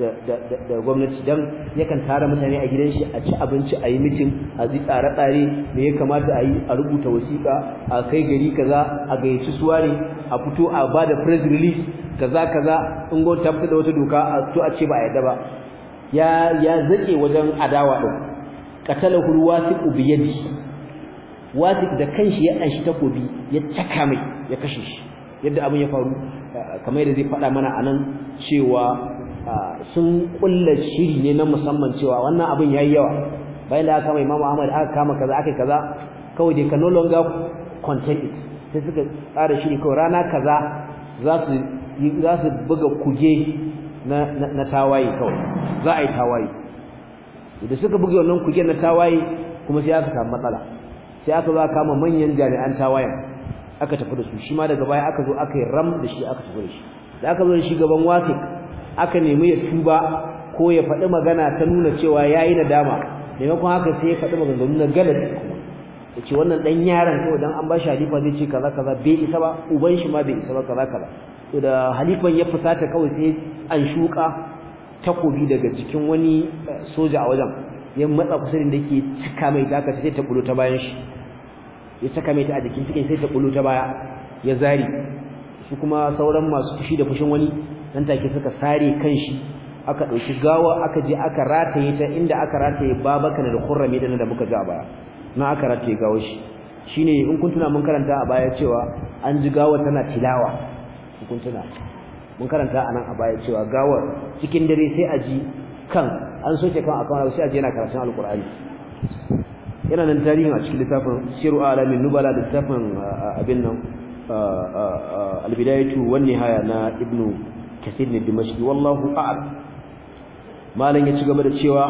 da gwamnati don yakan tara mutane a gidan shi a ci abinci a yi mitin a zi tsare tsare me ya kamata a yi a rubuta wasiƙa a kai gari kaza a gayyaci ne a fito a ba da press release kaza kaza in gwamnati ta fita da wata doka a to a ce ba a yarda ba ya ya zake wajen adawa din qatalahu wasiqu bi yadi da kanshi ya ɗanshi takobi ya caka mai ya kashe shi yadda abin ya faru kamar yadda zai faɗa mana a nan cewa sun kulla shiri ne na musamman cewa wannan abin yayi yawa bayan da aka kama Imam Ahmad aka kama kaza aka kaza kawai dai ka no longer contain it sai suka tsara shiri kawai rana kaza za su za su buga kuge na na tawaye kawai za a yi tawaye da suka buga wannan kuge na tawaye kuma sai aka samu matsala sai aka zo kama manyan jami'an tawayen aka tafi da su shi ma daga baya aka zo aka yi ram da shi aka tafi da shi da aka zo da shi gaban wasik aka nemi ya tuba ko ya faɗi magana ta nuna cewa yayi nadama maimakon haka sai ya faɗi magana na galadi kuma yace wannan dan yaran ko dan an bashi halifa zai ce kaza kaza bai isa ba uban shi ma bai isa ba kaza kaza to da halifan ya fusata kawai sai an shuka takobi daga jikin wani eh, soja a wajen ya matsa kusurin da yake cika mai daka sai ta bulo ta bayan shi ya saka mai ta a jikin cikin sai ta bulo ta baya ya zari su kuma sauran masu fushi da fushin wani nan take suka sare kan shi aka dauki gawa aka je aka rataye ta inda aka rataye babakan da kurrami da da muka ji a baya na aka rataye gawo shi shine in kun tuna mun karanta a baya cewa an ji gawa tana tilawa in kun tuna mun karanta anan a baya cewa gawar cikin dare sai a ji kan an soke kan akan sai a ji yana karatun alqur'ani yana nan tarihin a cikin littafin siru alamin nubala da littafin abin nan albidayatu wan nihaya na ibnu kathir min dimashq wallahu a'lam malan ya ci gaba da cewa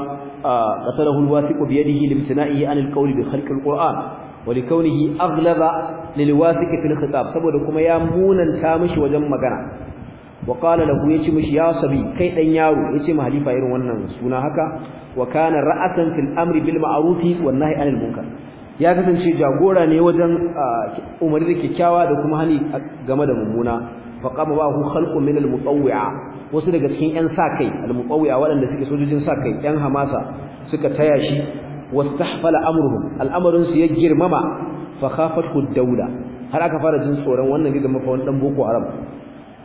qatalahu alwathiqu bi yadihi limtina'ihi an alqawli bi khalqi alquran wa likawnihi aghlaba lilwathiqi fil khitab saboda kuma ya munanta mishi wajen magana wa qala lahu yace mishi ya sabi kai ɗan yaro Ya ce ma halifa irin wannan suna haka wa kana ra'atan fil amri bil ma'rufi wan nahyi anil munkar ya kasance jagora ne wajen umarni kyakkyawa da kuma hani game da mummuna fa qama ba'hu khalqun min al-mutawwi'a wasu daga cikin ƴan sa kai al waɗanda suke sojojin sa kai ƴan hamasa suka taya shi wastahfala amruhum al'amarin su ya girmama fa khafathu ad-dawla har aka fara jin tsoron wannan gidan mafa wani dan boko haram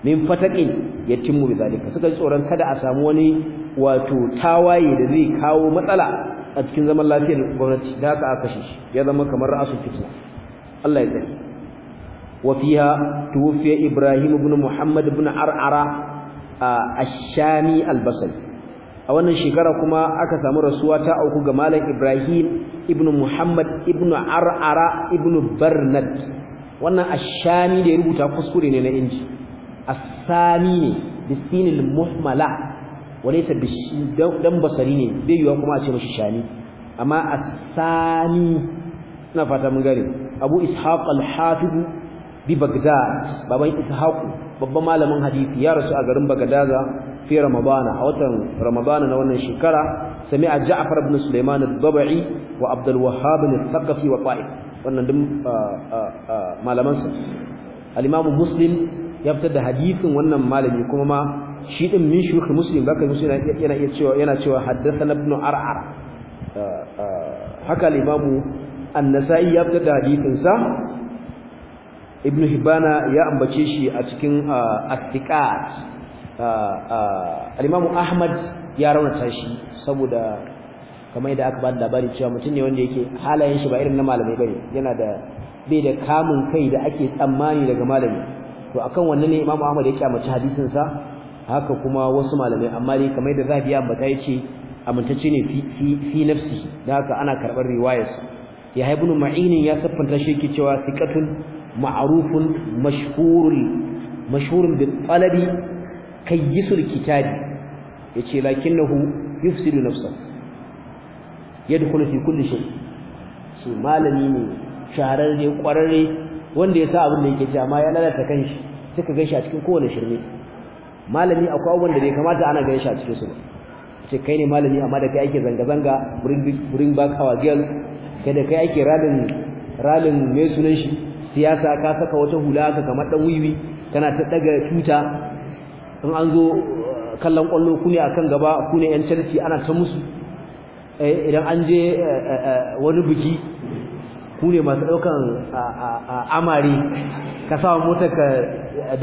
min ya fataqin yatimmu bidalika suka ji tsoron kada a samu wani wato tawaye da zai kawo matsala a cikin zaman lafiyar gwamnati da aka kashe shi ya zama kamar ra'asul fitna Allah ya tsare وفيها توفي Ibrahim بن محمد بن a الشامي البصري a wannan shekara kuma aka samu rasuwa ta auku ga malam Ibrahim ibn Muhammad ibn Ar'ara ibn Barnad wannan ashami da ya rubuta kuskure ne na inji asami ne bisinil muhmala walaysa dan basari ne bai kuma a ce mashi shami amma asami ina fata mun Abu Ishaq al bi bagdad baban ishaqu babban malamin hadisi ya rasu a garin bagdaza fi ramadana a watan ramadana na wannan shekara sami a ja'far ibn sulaiman al-babai wa abdul wahhab al-thaqafi wa ta'if wannan din ah, ah, ah, malaman sa al-imam muslim ya fitar da hadisin wannan malami kuma ma shi din min shuyukh muslim baka muslim yana iya cewa yana cewa haddathana ibn ar'ar haka al-imam an-nasa'i ya fitar da hadisin sa ibn hibana ya ambace shi a cikin attiqat al-imam ahmad ya raunata shi saboda kamar yadda aka bada labari cewa mutum ne wanda yake halayen shi ba irin na malamai bane yana da bai da kamun kai da ake tsammani daga malami to akan wannan ne imam ahmad yake amince hadisin sa haka kuma wasu malamai amma dai kamar yadda zabi ya ambata yace amintacce ne fi fi, da haka ana karbar riwayar ya ibn ma'inin ya siffanta shi yake cewa معروف مشهور bi بالطلب كيس الكتاب yace لكنه يفسد نفسه يدخل fi كل شيء shi malami ne shahararre kwararre wanda ya sa abin da yake ci amma ya lalata kanshi suka gaishe a cikin kowane shirme malami akwai abin da bai kamata ana gaishe a cikin su ba ce kai ne malami amma da kai ake zanga-zanga bring back our girls kai kai ake ralin ralin me sunan shi siyasa ka saka wata hula ka kamar dan wiwi kana ta daga tuta in an zo uh, kallon kwallo ku ne akan gaba ku ne yan Chelsea ana ta musu eh, idan an je eh, eh, wani biki ku ne masu daukan amare ka sa motar ka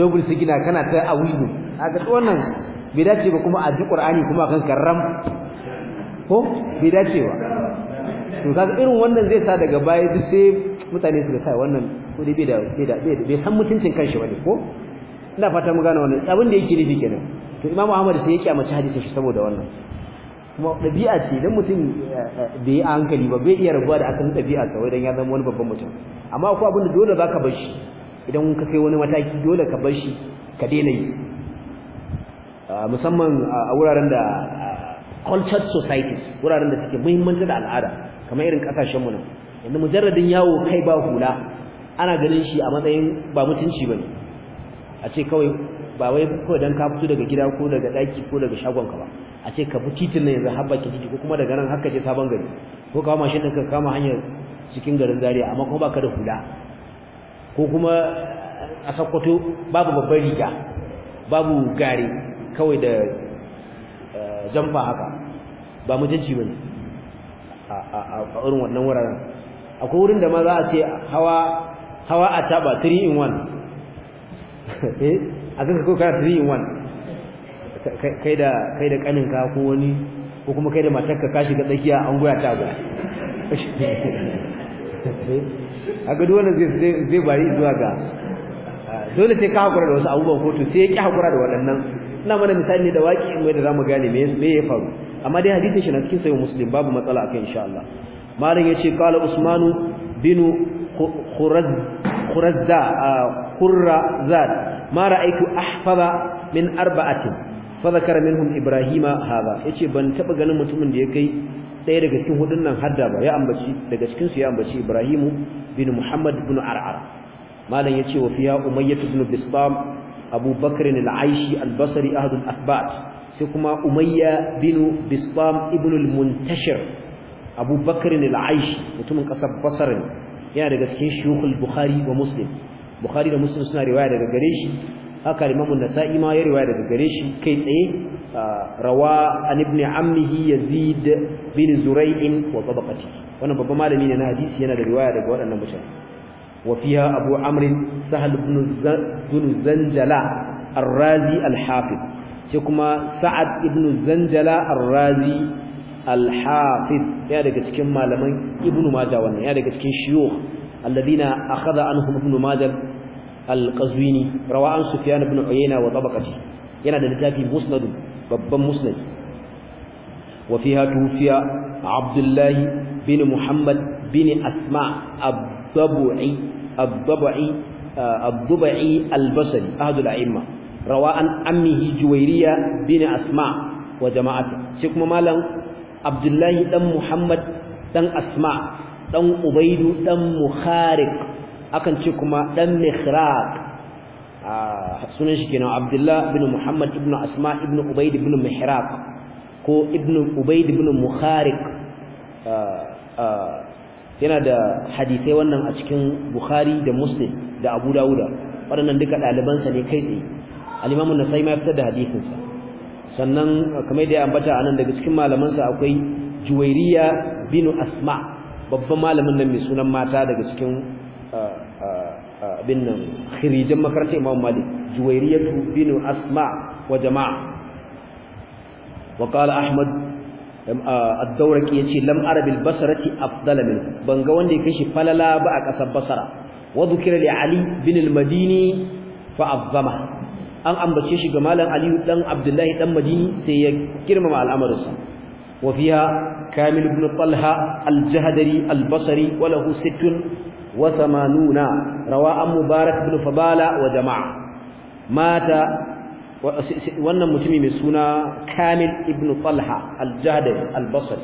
double sigina kana ta A haka wannan bai dace ba kuma a ji Qur'ani kuma akan karram ko bai dace ba to kaga irin wannan zai sa daga baya duk sai mutane su ga kai wannan kudi bai da bai da bai san mutuncin kanshi bane ko ina fata mu gane wannan abin da yake nufi kenan to Imam muhammad sai yake amince hadisi shi saboda wannan kuma dabi'a ce dan mutum eh, bai yi hankali ba bai iya rabuwa da asalin dabi'a sa dan ya zama wani babban mutum amma akwai abin da dole zaka bar shi idan ka kai wani mataki dole ka bar shi ka daina yi ah, musamman ah, a wuraren da ah, cultured societies wuraren da suke muhimmanci da al'ada kamar irin kasashen mu nan yanzu mujarradin yawo kai ba hula ana ganin shi a matsayin ba mutunci bane a ce kawai ba wai kawai dan ka fito daga gida ko daga daki ko daga shagon ka ba a ce ka bi titin nan yanzu har baki titi ko kuma daga nan haka je sabon gari ko kawo mashin ɗin ka kama hanyar cikin garin Zaria amma kuma baka da hula ko kuma a sakwato babu babbar riga babu gare kawai da eh, jamfa haka ba mutunci bane a irin wannan wuraren akwai wurin da ma za a ce hawa hawa a taba 3 in 1 eh a kanka ko kana 3 in 1 kai da kai da kaninka ko wani ko kuma kai da matar ka kashi ga tsakiya an goya ta eh? ga a ga duwanda zai bari zuwa ga dole sai ka hakura da wasu abubuwan kotu sai ya ki hakura da waɗannan ina mana misali da waki in mai da zamu gane me me ya faru amma dai hadisin shi na cikin sahih muslim babu matsala akan insha Allah malam yace qala usmanu bin khuraz khurazza khurrazat ma ra'aytu ahfaza min arba'atin fa zakara minhum ibrahima hadha yace ban taba ganin mutumin da ya kai ɗaya daga cikin hudun nan hadda ba ya ambaci daga cikin su ya ambaci Ibrahimu bin Muhammad bin Ar'ar malam yace wa fiya Umayyah ibn Bistam Abu Bakr al-Aishi al-Basri sai kuma Umayya Binu, Bisbam Ibnul, muntashir Abu Bakr al mutumin ƙasar Basra yana daga cikin shukul Bukhari wa Muslim Bukhari da Muslim suna riwaya daga gare shi haka Imam an-Nasa'i ma ya riwaya daga gare shi kai tsaye rawa an ibn ammihi Yazid bin in, wa tabaqati wannan babban malami ne na hadisi yana da riwaya daga waɗannan mutane وفيها أبو عمرو سهل بن زنجلا الرازي الحافظ شكما سعد بن زنجلا الرازي الحافظ يا daga cikin malaman ibnu majah ya daga cikin shuyukh alladhina akhadha anhum ibnu majah al-qazwini rawa an sufyan ibn uyayna wa tabaqati yana da littafi musnad babban musnad wa fiha tufiya bin muhammad bin asma الضبعي الضبعي الضبعي البصري أحد الأئمة روى عن أمه جويرية بن أسماء وجماعته شيخ مالا عبد الله بن محمد بن أسماء بن أبيد بن مخارق أكن شيخ بن مخراق sunan shi kenan Abdullah ibn Muhammad ibn Asma ibn Ubayd ibn Mihraq ko ibn Ubayd ibn Mukhariq yana da hadisai wannan a cikin bukhari da muslim da abu dawuda waɗannan duka ɗalibansa ne kai tsaye alimamun na sai ma fitar da hadisinsa sannan kamar da ya ambata anan daga cikin malamansa akwai juwairiya binu asma babban malamin nan mai sunan mata daga cikin abin nan khirijin makarantar imam malik Juwairiya binu asma wa jama'a wa qala ahmad ad-dawraqi yace lam arabil basrati afdala min ban ga wanda kai shi falala ba a kasar basara wa dhukira li ali bin al-madini fa azzama an ambace shi ga malam ali dan abdullahi dan madini sai ya girmama al'amarsa. wa fiha kamil ibn talha al-jahdari al-basri wa lahu 86 rawa an mubarak ibn fabala wa jama'a mata wannan mutumi mai suna Kamil ibn Talha al-Jahdari al-Basri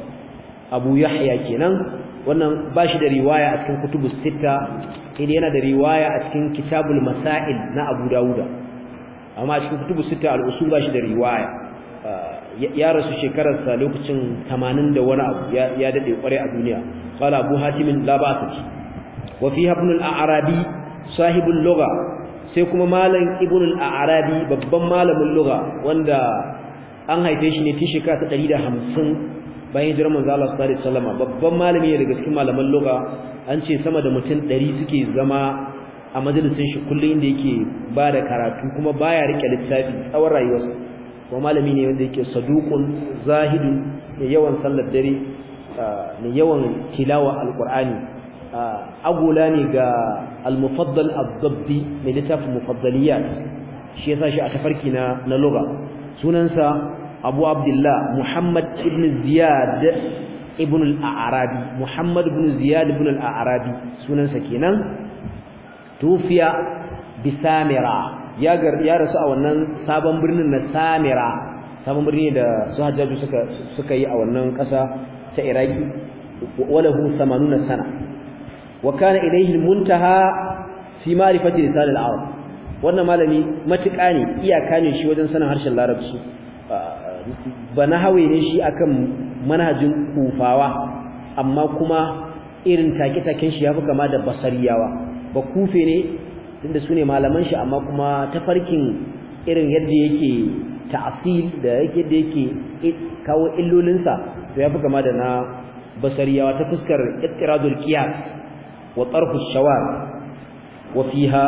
Abu Yahya kenan wannan bashi da riwaya a cikin kutubus sita idan yana da riwaya a cikin kitabul masail na Abu Dawuda amma a cikin kutubus sita al-usul bashi da riwaya uh, ya rasu shekarar sa lokacin 80 da wani abu ya dade kware a duniya qala Abu Hatim la ba'sa wa fiha ibn al-Arabi sahibul lugha sai kuma malam ibn al-arabi babban malamin lugha wanda an haife shi ne tishi shekara ta 150 bayan jira manzo Allah sallallahu alaihi wasallam babban malami ne daga cikin malaman lugha an ce sama da mutum 100 suke zama a majalisin shi kullun inda yake ba da karatu kuma baya rike littafi tsawon rayuwarsa kuma malami ne wanda yake saduqun zahidun yawan sallar dare ne yawan tilawa alqur'ani agula ne ga al-mufaddal ad-dabbi mai littafin mufaddaliyat shi yasa shi a tafarki na na lugha sunansa Abu Abdullah Muhammad ibn Ziyad ibn al-A'rabi Muhammad ibn Ziyad ibn al-A'rabi sunansa kenan tufiya bisamira ya ya rasu a wannan sabon birnin na Samira sabon birni da su Hajjaju suka suka yi a wannan kasa ta Iraki hu 80 sana Wakana idan ilayhi almuntaha fi ma'rifati lisan wannan malami matuƙa ne iyaka ne shi wajen sanin harshen larabci ba na ne shi akan manhajin kufawa amma kuma irin take-taken shi ya fi kama da basariyawa ba kufe ne tunda su ne malaman shi amma kuma tafarkin irin yadda yake ta'asil da yake da yake kawo illolinsa to ya fi kama da na basariyawa ta fuskar ittiradul wa shawar wafiha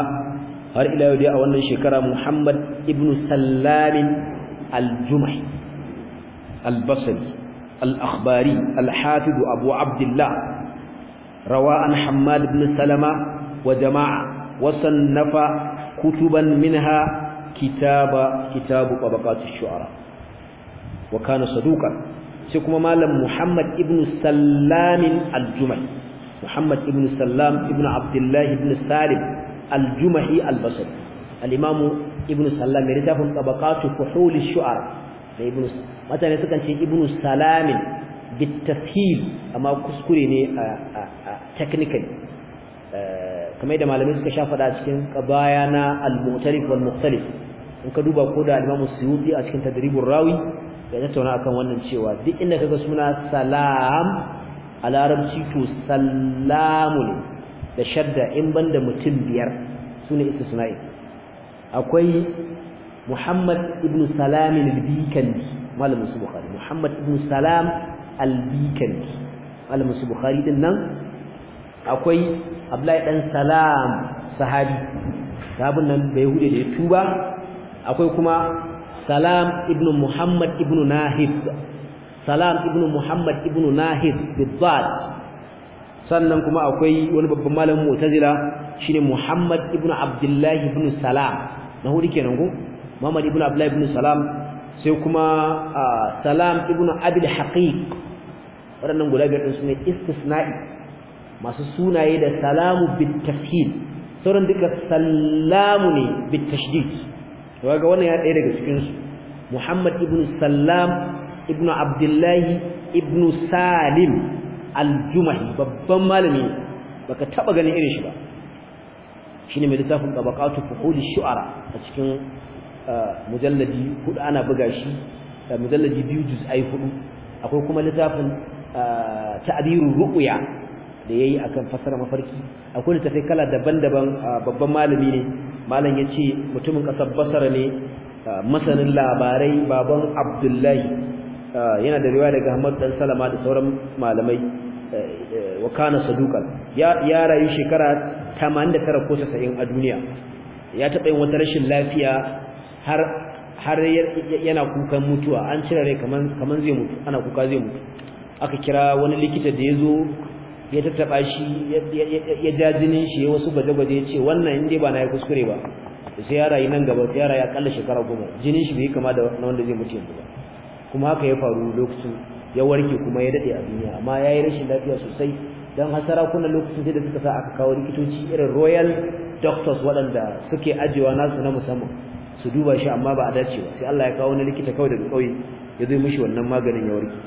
har ila yau dai a wannan shekara Muhammad ibn Sallamin al-Jumahi al-Basri al-Akhbari al-Hafiz Abu Abdullah rawa an Hammad ibn Salama wa jama'a wa sannafa kutuban minha kitaba kitabu tabaqat ash-shu'ara wa kana saduqan sai kuma malam Muhammad ibn Sallamin al Muhammad ibn Sallam ibn Abdullah ibn Salim littafin tabaqatu fuhul ash-shu'ara da ibn mutane ne technically eh, suka cikin qabaya na al-mu'tarif wal mukhtalif in ka duba ko da imam Suyuti a cikin tadribur rawi ya tattauna akan wannan cewa duk inda kaga suna salam a larabci to sallamu ne da shadda in banda mutum biyar su ne istisna'i akwai muhammad ibn salamin albikandi malamin su bukhari muhammad ibn salam albikandi malamin su bukhari din nan akwai abdullahi dan salam sahabi sabon nan bai hude da ya tuba akwai kuma salam ibn muhammad ibn nahib salam ibnu muhammad ibnu nahid bidzat sannan kuma akwai wani babban malamin mu'tazila shine muhammad ibnu abdullahi ibnu salam na hudu kenan ko muhammad ibnu abdullahi ibnu salam sai kuma salam ibnu abil haqiq waɗannan guda biyar din sune istisna'i masu sunaye da salamu bit tafhid sauran duka sallamu ne bit tashdid kaga wannan ya ɗaya daga cikin su muhammad ibnu salam Ibnu abdullahi Ibnu salim al babban malami baka taba ganin irin shi ba shine mai littafin tabaqatu fuhul shu'ara a cikin uh, mujalladi hudu ana buga shi uh, mujalladi biyu juz'ai hudu akwai kuma littafin uh, ta'birur ru'ya da yayi akan fasara mafarki akwai littafin kala daban-daban babban malami ne malam yace mutumin kasar basara ne masanin labarai baban abdullahi yana da riwaya daga Ahmad dan Salama da sauran malamai wa kana Saduka. ya ya rayu shekara 89 ko 90 a duniya ya taɓa yin wata rashin lafiya har har yana kukan mutuwa an cire rai kaman kaman zai mutu ana kuka zai mutu aka kira wani likita da yazo ya tattaba shi ya ja jinin shi wasu gwaje-gwaje ya ce wannan inda ba na ya kuskure ba sai ya rayu nan gaba sai ya rayu akalla shekara goma jinin shi bai kama da wanda zai mutu yanzu ba kuma haka ya faru lokacin ya warke kuma ya dade a duniya amma yi rashin lafiya sosai dan hasara, sarakunan lokacin sai da suka sa aka kawo likitoci irin royal doctors waɗanda suke ajewa nasu na musamman su duba shi amma ba a dace ba sai Allah ya kawo wani likita kawai daga kauye ya zo mishi wannan maganin ya warke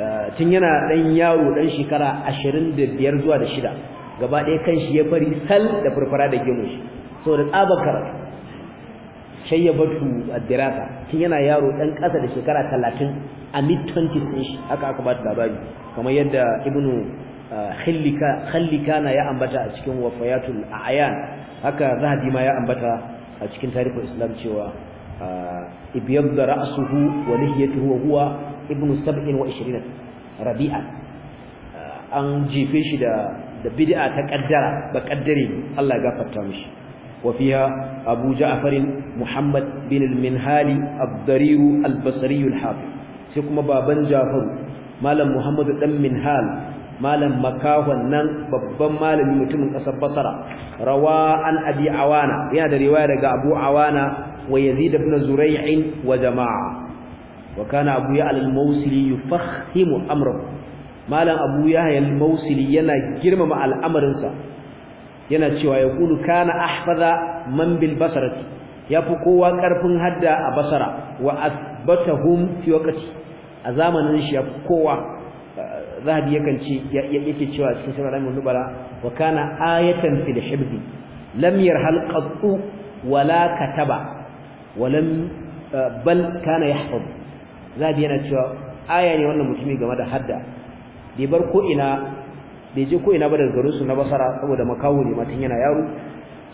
eh, tun yana ɗan yaro dan shekara ashirin da biyar zuwa da shida gaba ɗaya kan shi ya fari sal da farfara da gemu shi saboda tsabar karatu shayyabatu addirasa tun yana yaro dan kasa da shekara 30 a mid 20s shi haka aka ba labari kamar yadda ibnu eh, khallika khallika na ya ambata a cikin wafayatul a'yan haka zahabi ma ya ambata a cikin tarihin islam cewa eh, ibyadda ra'suhu wa lihiyatuhu wa huwa ibnu 27 rabi'a eh, an jefe shi da da bid'a ta kaddara ba kaddare Allah ya gafarta mishi وفيها أبو جعفر محمد بن المنهالي الضرير البصري الحافظ سيكما بابا جعفر مالم محمد بن منهال مالم مكاوى نن بابا مالم يمتم قصب بصرة روا عن أبي عوانا يعني رواية أبو عوانا ويزيد بن زريع وجماعة وكان أبو يعلى الموصلي يفخم أمره مالم أبو يعلى الموصلي ينا جرم مع الأمر انسان yana cewa ya kulu kana ahfaza man bil basarati fi kowa karfin hadda a basara wa asbatahum fi waqti a zamanin shi ya fi kowa eh, zahabi yakan ce yake cewa cikin sunan al nubala wa kana ayatan fil hibbi lam yarhal qattu wala kataba walam eh, bal kana yahfaz zahabi yana cewa aya ne wannan mutumi game da hadda bai bar ko ina bai je ko ina ba daga garin na basara saboda makawo ne matan yana yaro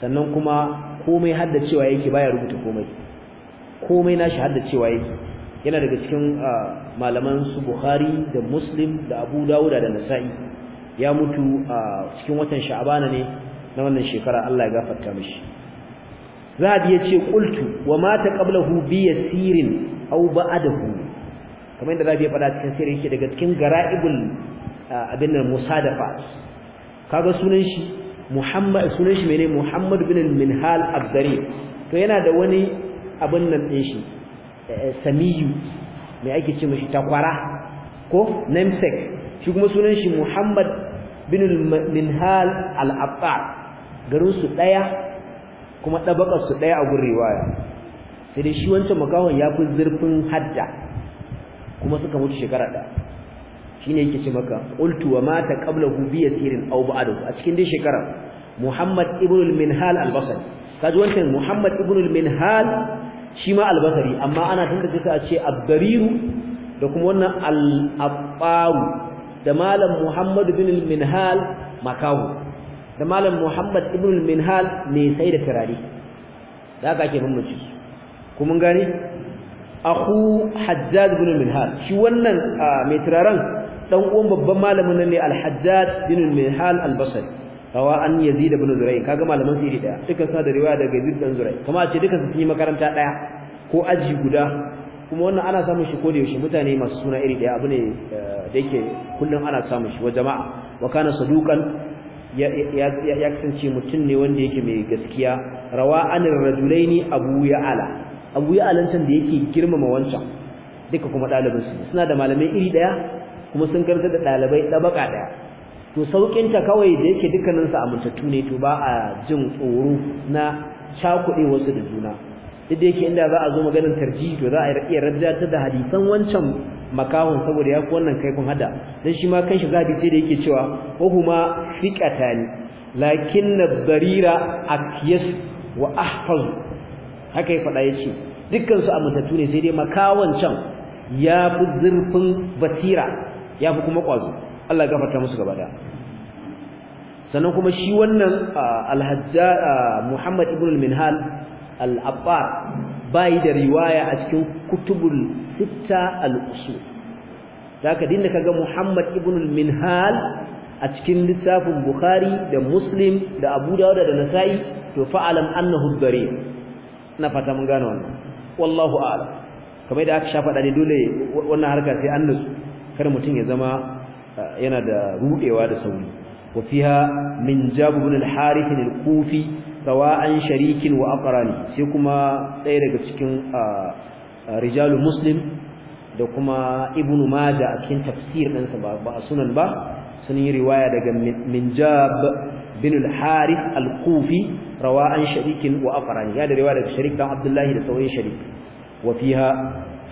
sannan kuma komai cewa yake baya rubuta komai komai nashi cewa yake yana daga cikin ah, malaman su Bukhari da Muslim da Abu dawuda da Nasa'i ya mutu a ah, cikin watan sha'abana ne na wannan shekara Allah ya gafarta mishi Zahabi ya ce qultu wa mata qablahu bi yasirin aw ba'adahu? kamar yadda Zahabi ya faɗa cikin sirri yake daga cikin gara'ibul abin nan musadafa kaga sunan shi Muhammad sunan shi menene Muhammad bin Minhal Abdari to yana da wani abin nan din shi eh, eh, Samiyu mai ake ce mishi takwara ko namesake shi kuma sunan shi Muhammad bin Minhal al abba garin su daya kuma dabaka su daya a gurin riwaya sai dai shi wancan makahon ya fi zurfin hajja. kuma suka mutu shekara daya shine yake ce maka qultu wa mata qablahu bi yasirin aw ba'dahu a cikin dai shekara Muhammad ibn al-Minhal al-Basri kaji wannan Muhammad ibn al-Minhal shi ma al-Basri amma ana tantance sa a ce Abdariru da kuma wannan al-Abbaru da malam Muhammad ibn al-Minhal makahu da malam Muhammad ibn al-Minhal ne sai da karari da haka ake bambanci ku mun gane akhu Hajjaj ibn al-Minhal shi wannan ah, mai turaren dan uwan babban malamin nan ne al-hajjaj bin mihal al-basri rawa an yazid ibn zurai kaga malaman su iri daya duka sa da riwaya daga yazid ibn zurai kuma a ce duka su yi makaranta daya ko aji guda kuma wannan ana samun shi ko da yaushe mutane masu suna iri daya abu ne eh, da yake kullum ana samun shi wa jama'a wa kana saduqan ya kasance mutum ne wanda yake mai gaskiya rawa an rajulaini abu Ala. abu ya can da yake girmama wancan duka kuma ɗalibinsu suna da malamai iri ɗaya kuma sun karanta da ɗalibai ɗabaka ɗaya to sauƙinta kawai da yake dukkaninsu amintattu ne to ba a jin tsoro na chakude wasu da juna duk da yake inda za a zo maganin tarji to za a iya rajata da hadisan wancan makahon saboda ya ku wannan kaifin hada dan shi ma kanshi za a sai da yake cewa huma fiqatani lakinna barira akyas wa ahfal haka ya faɗa yace dukkan su amintattu ne sai dai makawan can ya fi zurfin basira Ya fi kuma ƙwazo. Allah ya gafarta musu gaba da sannan kuma shi wannan alhajja Muhammad ibn al-Minhal al-Abbar bai da riwaya a cikin kutubul sitta al-usul zaka dinda kaga Muhammad ibn al-Minhal a cikin littafin Bukhari da Muslim da Abu Dawud da Nasa'i to fa'alam annahu dharib na fata mun gane wannan wallahu a'lam kamar da aka shafa da dole wannan harka sai an kar mutum ya zama yana da rudewa da sauri wa fiha min jabr ibn al-harith al-kufi sawa'an sharikin wa aqrani sai kuma ɗaya daga cikin rijalu muslim da kuma ibnu maja a cikin tafsir ɗinsa ba sunan ba sun yi riwaya daga minjab bin al-harith al-kufi rawa'an sharikin wa aqrani ya da riwaya daga sharik dan abdullahi da sauran sharik wa fiha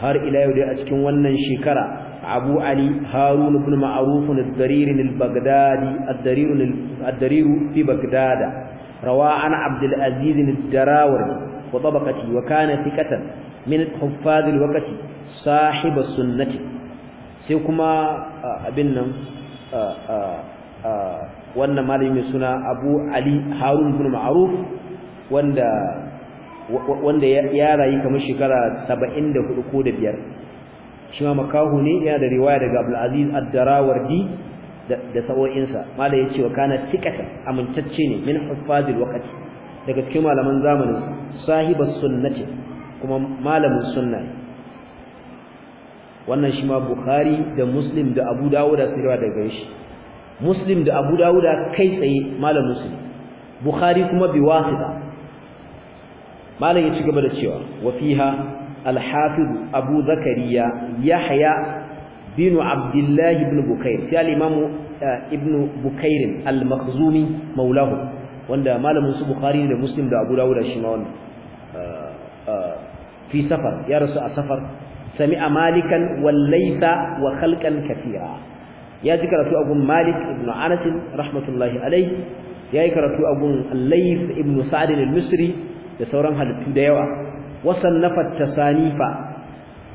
har ila yau dai a cikin wannan shekara abu ali harun ibn ma'ruf al-darir al-baghdadi al-darir al-darir fi baghdad rawaa an abd al-aziz al-darawi wa tabaqati wa kana sunnati sai kuma abin nan wannan malami suna abu ali harun ibn ma'ruf wanda wanda ya rayu kamar shekara 74 ko 5 shi ma makahu ne yana da riwaya daga Abdul Aziz ad-Darawardi da sawo'insa malai yace wa kana tikata amintacce ne min huffazil waqti daga cikin malaman zamanin sahibas sunnati kuma malamin sunna wannan shi ma Bukhari da Muslim da Abu Dawud da riwaya daga shi Muslim da Abu Dawud kai tsaye malamin Muslim Bukhari kuma bi wasita malai ya gaba da cewa wa fiha الحافظ أبو زكريا يحيى بن عبد الله بن بكير سأل الإمام ابن بكير المخزومي مولاه wanda malamin su bukhari da muslim da abu dawud shi ma wannan fi ya rasu a safar sami'a malikan wallaita wa khalqan kathira ya ji karatu a gun malik ibn anas rahmatullahi alayhi ya yi karatu a gun layth ibn sa'd al-misri da sauran halittu da yawa wasannafa tasanifa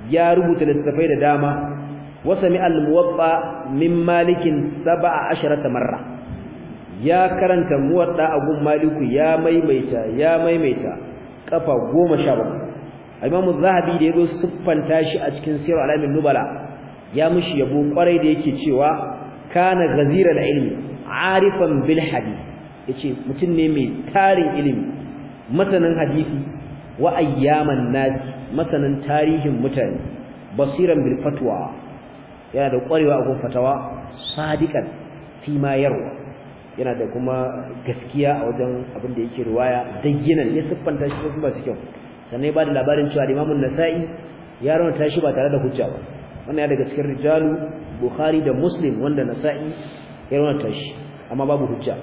ya rubuta littattafai da dama wasami al-muwatta min malikin 17 marra ya karanta muwatta a gun maliku ya maimaita ya maimaita kafa 17 Imam Zahabi da yazo siffanta shi a cikin Sirr al-Alamin Nubala ya mushi yabo kwarai da yake cewa kana ghaziran ilimi. arifan bil hadith yace mutum ne mai tarin ilimi matanin hadisi wa ayyaman nas masanin tarihin mutane basiran bil fatwa yana da ƙwarewa a fatawa sadiqan fi ma yarwa yana da kuma gaskiya a wajen abin da yake riwaya dayyinan ya siffanta shi kuma su kyau sannan ba da labarin cewa Imam an-Nasa'i ya rawaita shi ba tare da hujja ba wannan ya daga cikin rijalu Bukhari da Muslim wanda Nasa'i ya rawaita shi amma babu hujja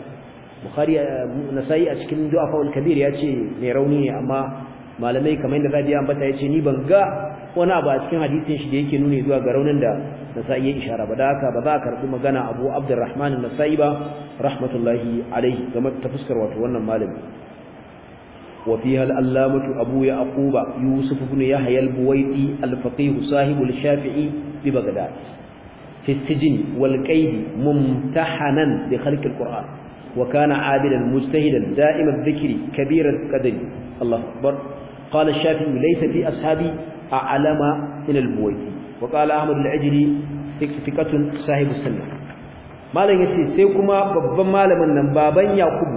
Bukhari eh, Nasa'i a cikin Du'afa al-Kabir ya ce mai rauni ne amma malamai kamar yadda zabi ambata yace ni ban ga wani abu a cikin hadisin shi da yake nuni zuwa ga raunin da Nasa'i ya ishara ba da haka ba za ka karbi magana Abu Abdurrahman nasai ba rahmatullahi alaihi kamar ta fuskar wato wannan malami wa allamatu Abu Ya'qub Yusuf ibn Yahya al-Buwaidi al-faqih sahib al-Shafi'i bi Baghdad fi sijn wal qaid mumtahanan bi khalq al-Qur'an wa kana 'abidan mujtahidan da'im adh-dhikri kabir al قال الشافعي ليس في أصحابي أعلم من البويكي وقال أحمد العجلي ثقة صاحب السنة مالن يسي سيكما ببن مالمن نن بابن يعقوب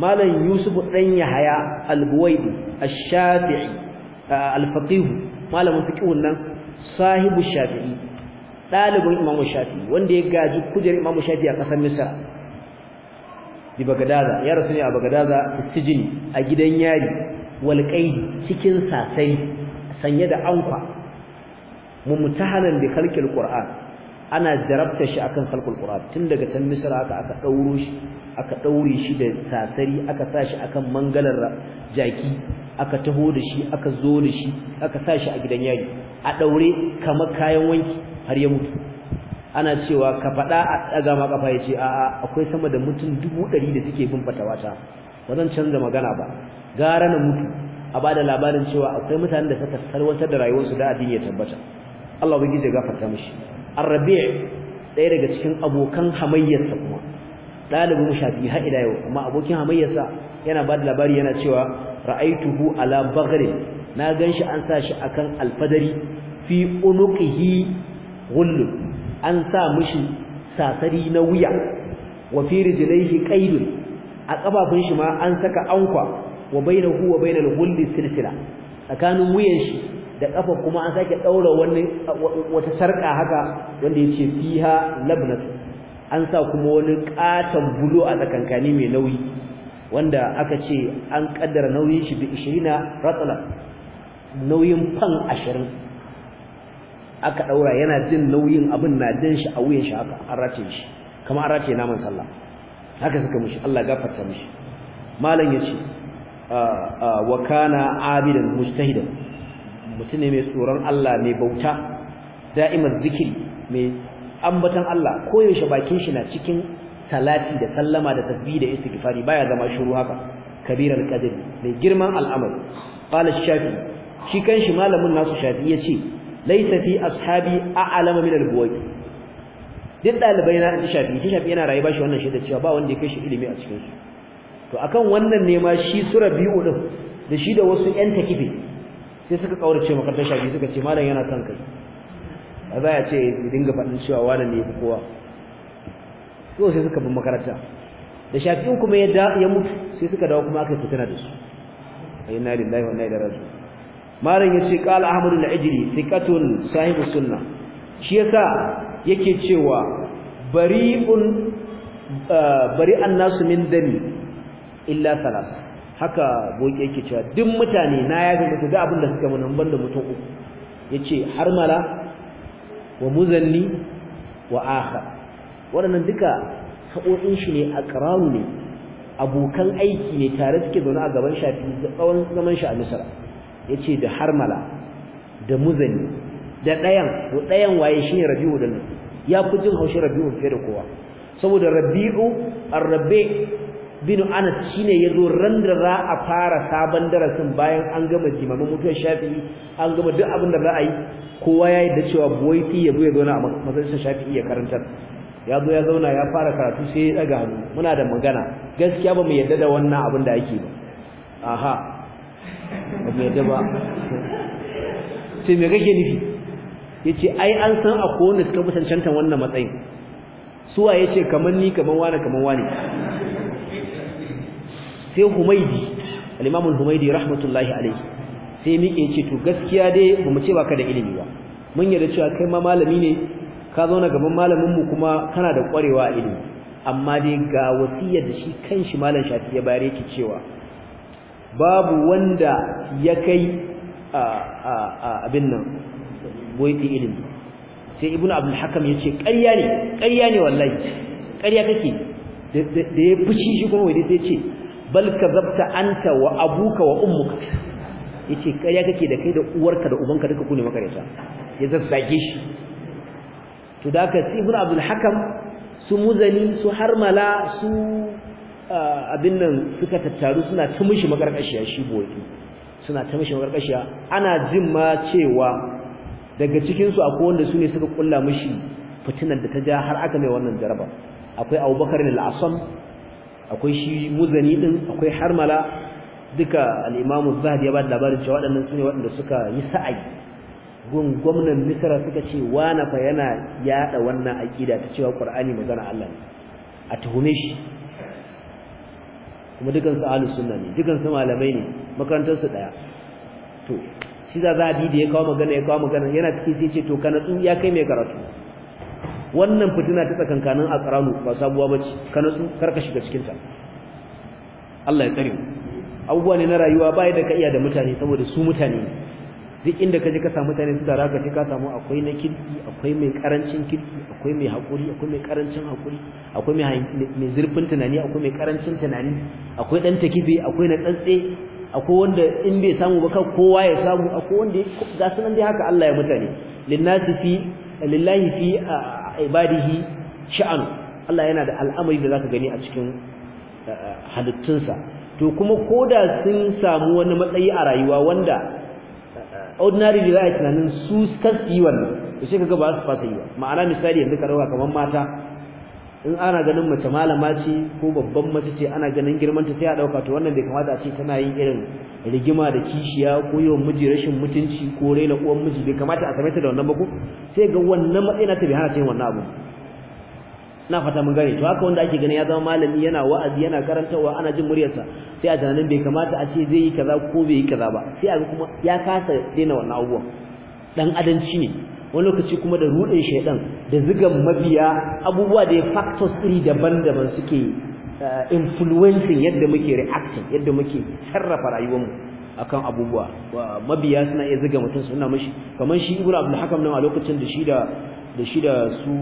مالن يوسف دن يحيى البويدي الشافعي الفقيه مالمن فقيه nan صاحب الشافعي dalibin imamu shafi'i wanda ya gaji kujer imamu shafi'i a kasar misra di bagadaza ya rasu ne a bagadaza sijini a gidan yari walƙaidi cikin sasai sanye da ankwa mumtahanan da khalqil qur'an ana jarabta shi akan khalqul qur'an tun daga san misra aka aka dauro shi aka daure shi da sasari aka sa shi akan mangalar jaki aka taho da shi aka zo da shi aka sa shi a gidan yari a daure kamar kayan wanki har ya mutu ana cewa ka faɗa a ɗaga ma kafa ya ce a'a akwai sama da mutum dubu ɗari da suke bin fatawata ba zan canza magana ba gara na mutu a bada labarin cewa akwai mutanen da suka salwantar da rayuwarsu da addini ya tabbata Allah ubangiji ya gafarta mishi Ar-Rabi' ɗaya daga cikin abokan hamayyarsa kuma ɗalibin shafi har ila yau amma abokin hamayyarsa yana bada labari yana cewa ra'aituhu ala baghri na ganshi an sa shi akan alfadari fi unuqihi ghullu an sa mishi sasari na wuya wa fi rijlaihi qaidun a kafafun shi ma an saka ankwa wa bainahu wa bainal hulli silsila tsakanin wuyan shi da kafa kuma an sake daura wani wata sarka haka wanda yace fiha labnatu an sa kuma wani katan bulo a tsakankani mai nauyi wanda aka ce an kaddara nauyin shi bi 20 ratla nauyin fan 20 aka daura yana jin nauyin abin na jin shi a wuyan shi haka an rataye shi kamar an rataye naman sallah haka suka mishi Allah gafarta mishi malam yace wa kana abidan mujtahidan mutum ne mai tsoron Allah mai bauta da'iman zikiri mai ambatan Allah koyaushe bakin shi na cikin salati da sallama da tasbih da istighfari baya zama shiru haka kabiran qadir mai girman al'amari qala shafi shi kanshi malamin nasu shafi yace laysa fi ashabi a'lama min al-buwaqi duk dalibai na shafi shi shafi yana rayuwa shi wannan shi da cewa ba wanda ya kai shi ilimi a cikin su to akan wannan ne ma shi sura biyu din da shi da wasu ƴan takife sai suka kaurace da shafi suka ce malam yana kan kai ba za ya ce dinga faɗin cewa wani ne kowa to sai suka bin makaranta da shafi kuma ya ya mutu sai suka dawo kuma aka yi fitina da su inna lillahi wa inna ilaihi raji'un malam ya ce qala ahmad al-ajli thiqatun sahibu sunnah shi yasa yake cewa bari'un eh, bari'an nasu min dami illa salat haka boke yake cewa duk mutane na yafi musu da abin da suka mun ban da mutum uku yace mala. wa muzanni wa akha wannan duka sa'o'in shi ne aqran ne abokan aiki ne tare suke zaune a gaban shafi da tsawon zaman shi a Misra yace da har mala, da muzanni da ɗayan to ɗayan waye shine Rabi'u da ya fi jin haushin Rabi'u fiye da kowa saboda Rabi'u ar bin Anas shine yazo ran da za a fara sabon darasin bayan an gama jimamin mutuwar Shafi'i an gama duk abin da za a yi kowa ya da cewa Buwaiti ya zo ya zauna a masallacin Shafi'i ya karantar ya zo ya zauna ya fara karatu sai ya daga hannu muna da magana gaskiya ba mu yarda da wannan abin da ake ba aha ba mu yarda ba sai me kake nufi yace ai an san akwai wanda suka musancantan wannan matsayin suwa ce kamar ni kamar wani kamar wani sai humaidi al-imam humaidi rahmatullahi alayhi sai miƙe ce to gaskiya dai mu ce ba ka da ilimi ba mun yarda cewa kai ma malami ne ka zauna gaban malamin mu kuma kana da ƙwarewa a ilimi amma dai ga wasiyar da shi kanshi malam shafi ya bayar yake cewa babu wanda ya kai abin nan boyti ilimi sai ibnu abdul hakam ce ƙarya ne ƙarya ne wallahi ƙarya kake da ya fushi shi kuma wai sai ce bal kazabta anta wa abuka wa ummuka yace kariya kake da kai da uwarka da ubanka duka ku ne makareta ya zazzage shi to da ka sibir abdul hakam su muzani su harmala su abin nan suka tattaru suna ta mishi makarkashiya shi boki suna ta mishi makarkashiya ana jin ma cewa daga cikin su akwai wanda su ne suka kulla mishi fitinar da ta ja har aka mai wannan jaraba akwai abubakar al-asam akwai shi muzani din akwai harmala duka al-imamu zahabi ya ba da labarin cewa waɗannan sune waɗanda suka yi sa'ayi gun gwamnan misra suka ce wana fa yana yada wannan aqida ta cewa qur'ani magana Allah ne a tuhume shi kuma dukan su ahlus sunna ne dukan su malamai ne makarantar su daya to shi za zahabi da ya kawo magana ya kawo magana yana cikin sai ce to kana tsun ya kai mai karatu wannan fitina ta tsakankanin aqranu ba sabuwa bace kana su karka shiga cikin ta Allah ya tsare mu abubuwa ne na rayuwa bai da ka iya da mutane saboda su mutane duk inda kaje ka samu mutane su da raka ka samu akwai na kirki akwai mai karancin kirki akwai mai hakuri akwai mai karancin hakuri akwai mai mai zurfin tunani akwai mai karancin tunani akwai dan takife akwai na tsantse akwai wanda in bai samu ba kowa ya samu akwai wanda ga sunan dai haka Allah ya mutane linnasi fi lillahi fi ibadihi sha'an Allah yana da al'amari da zaka gani a cikin eh, halittunsa to kuma koda sun samu wani matsayi a rayuwa wanda eh, ordinary da za a tunanin su kan yi wannan sai kaga ba su fasa yi ma'ana misali yanzu ka dauka kamar mata in ana ganin mace malama ce ko babban mace ce ana ganin ta sai a dauka to wannan bai kamata a ce tana yin irin rigima da kishiya ko yawan miji rashin mutunci ko raina uwan miji bai kamata a same ta da wannan ba ko sai ga wannan matsayin ta bai hana ta yin wannan abu na fata mun gane to haka wanda ake ganin ya zama malami yana wa'azi yana karantawa ana jin muryarsa sai a tunanin bai kamata a ce zai yi kaza ko bai yi kaza ba sai a kuma ya kasa daina wannan abubuwan dan adanci ne wani lokaci kuma da rudin shaidan da zigan mabiya abubuwa da factors iri daban-daban suke eh, influencing yadda muke reacting yadda muke sarrafa rayuwarmu akan abubuwa mabiya suna iya ziga mutum suna mashi kamar shi ibnu abdul hakam nan a lokacin da shi da da shi da su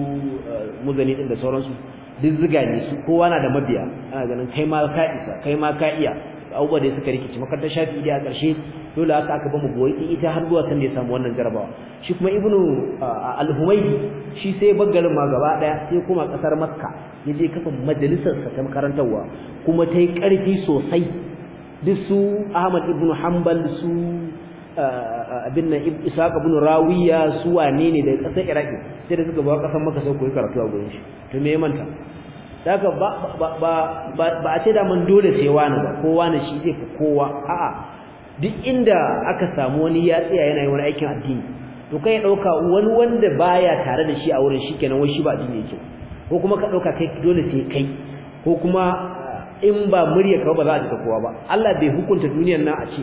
eh, muzani din da sauransu duk ziga ne su kowa na da mabiya ana ganin kai ma ka isa kai ma ka iya abubuwa da suka rikici makarantar shafi da a ƙarshe dole haka aka bamu mu goyi ita har zuwa san da ya samu wannan jarabawa shi kuma ibnu al-humaydi shi sai baggalin ma gaba daya sai kuma kasar makka ya je kafa majalisar sa ta makarantarwa kuma ta yi ƙarfi sosai duk su ahmad ibnu hanbal su abin nan isaac ibnu rawiya su wane ne daga ƙasar iraki sai da suka bawa ƙasar makka sai koyi karatu a gurin shi to me ya manta daga ba ba ba a ce da mun dole sai wani ba ko wani shi zai fi kowa a'a duk inda aka samu wani ya tsaya yana yin wani aikin addini to kai dauka wani wanda baya tare da shi a wurin shikenan wai shi ba addini yake ko kuma ka dauka kai dole sai kai ko kuma eh, in ba murya ka ba za a ji kowa ba Allah bai hukunta duniyar nan a ce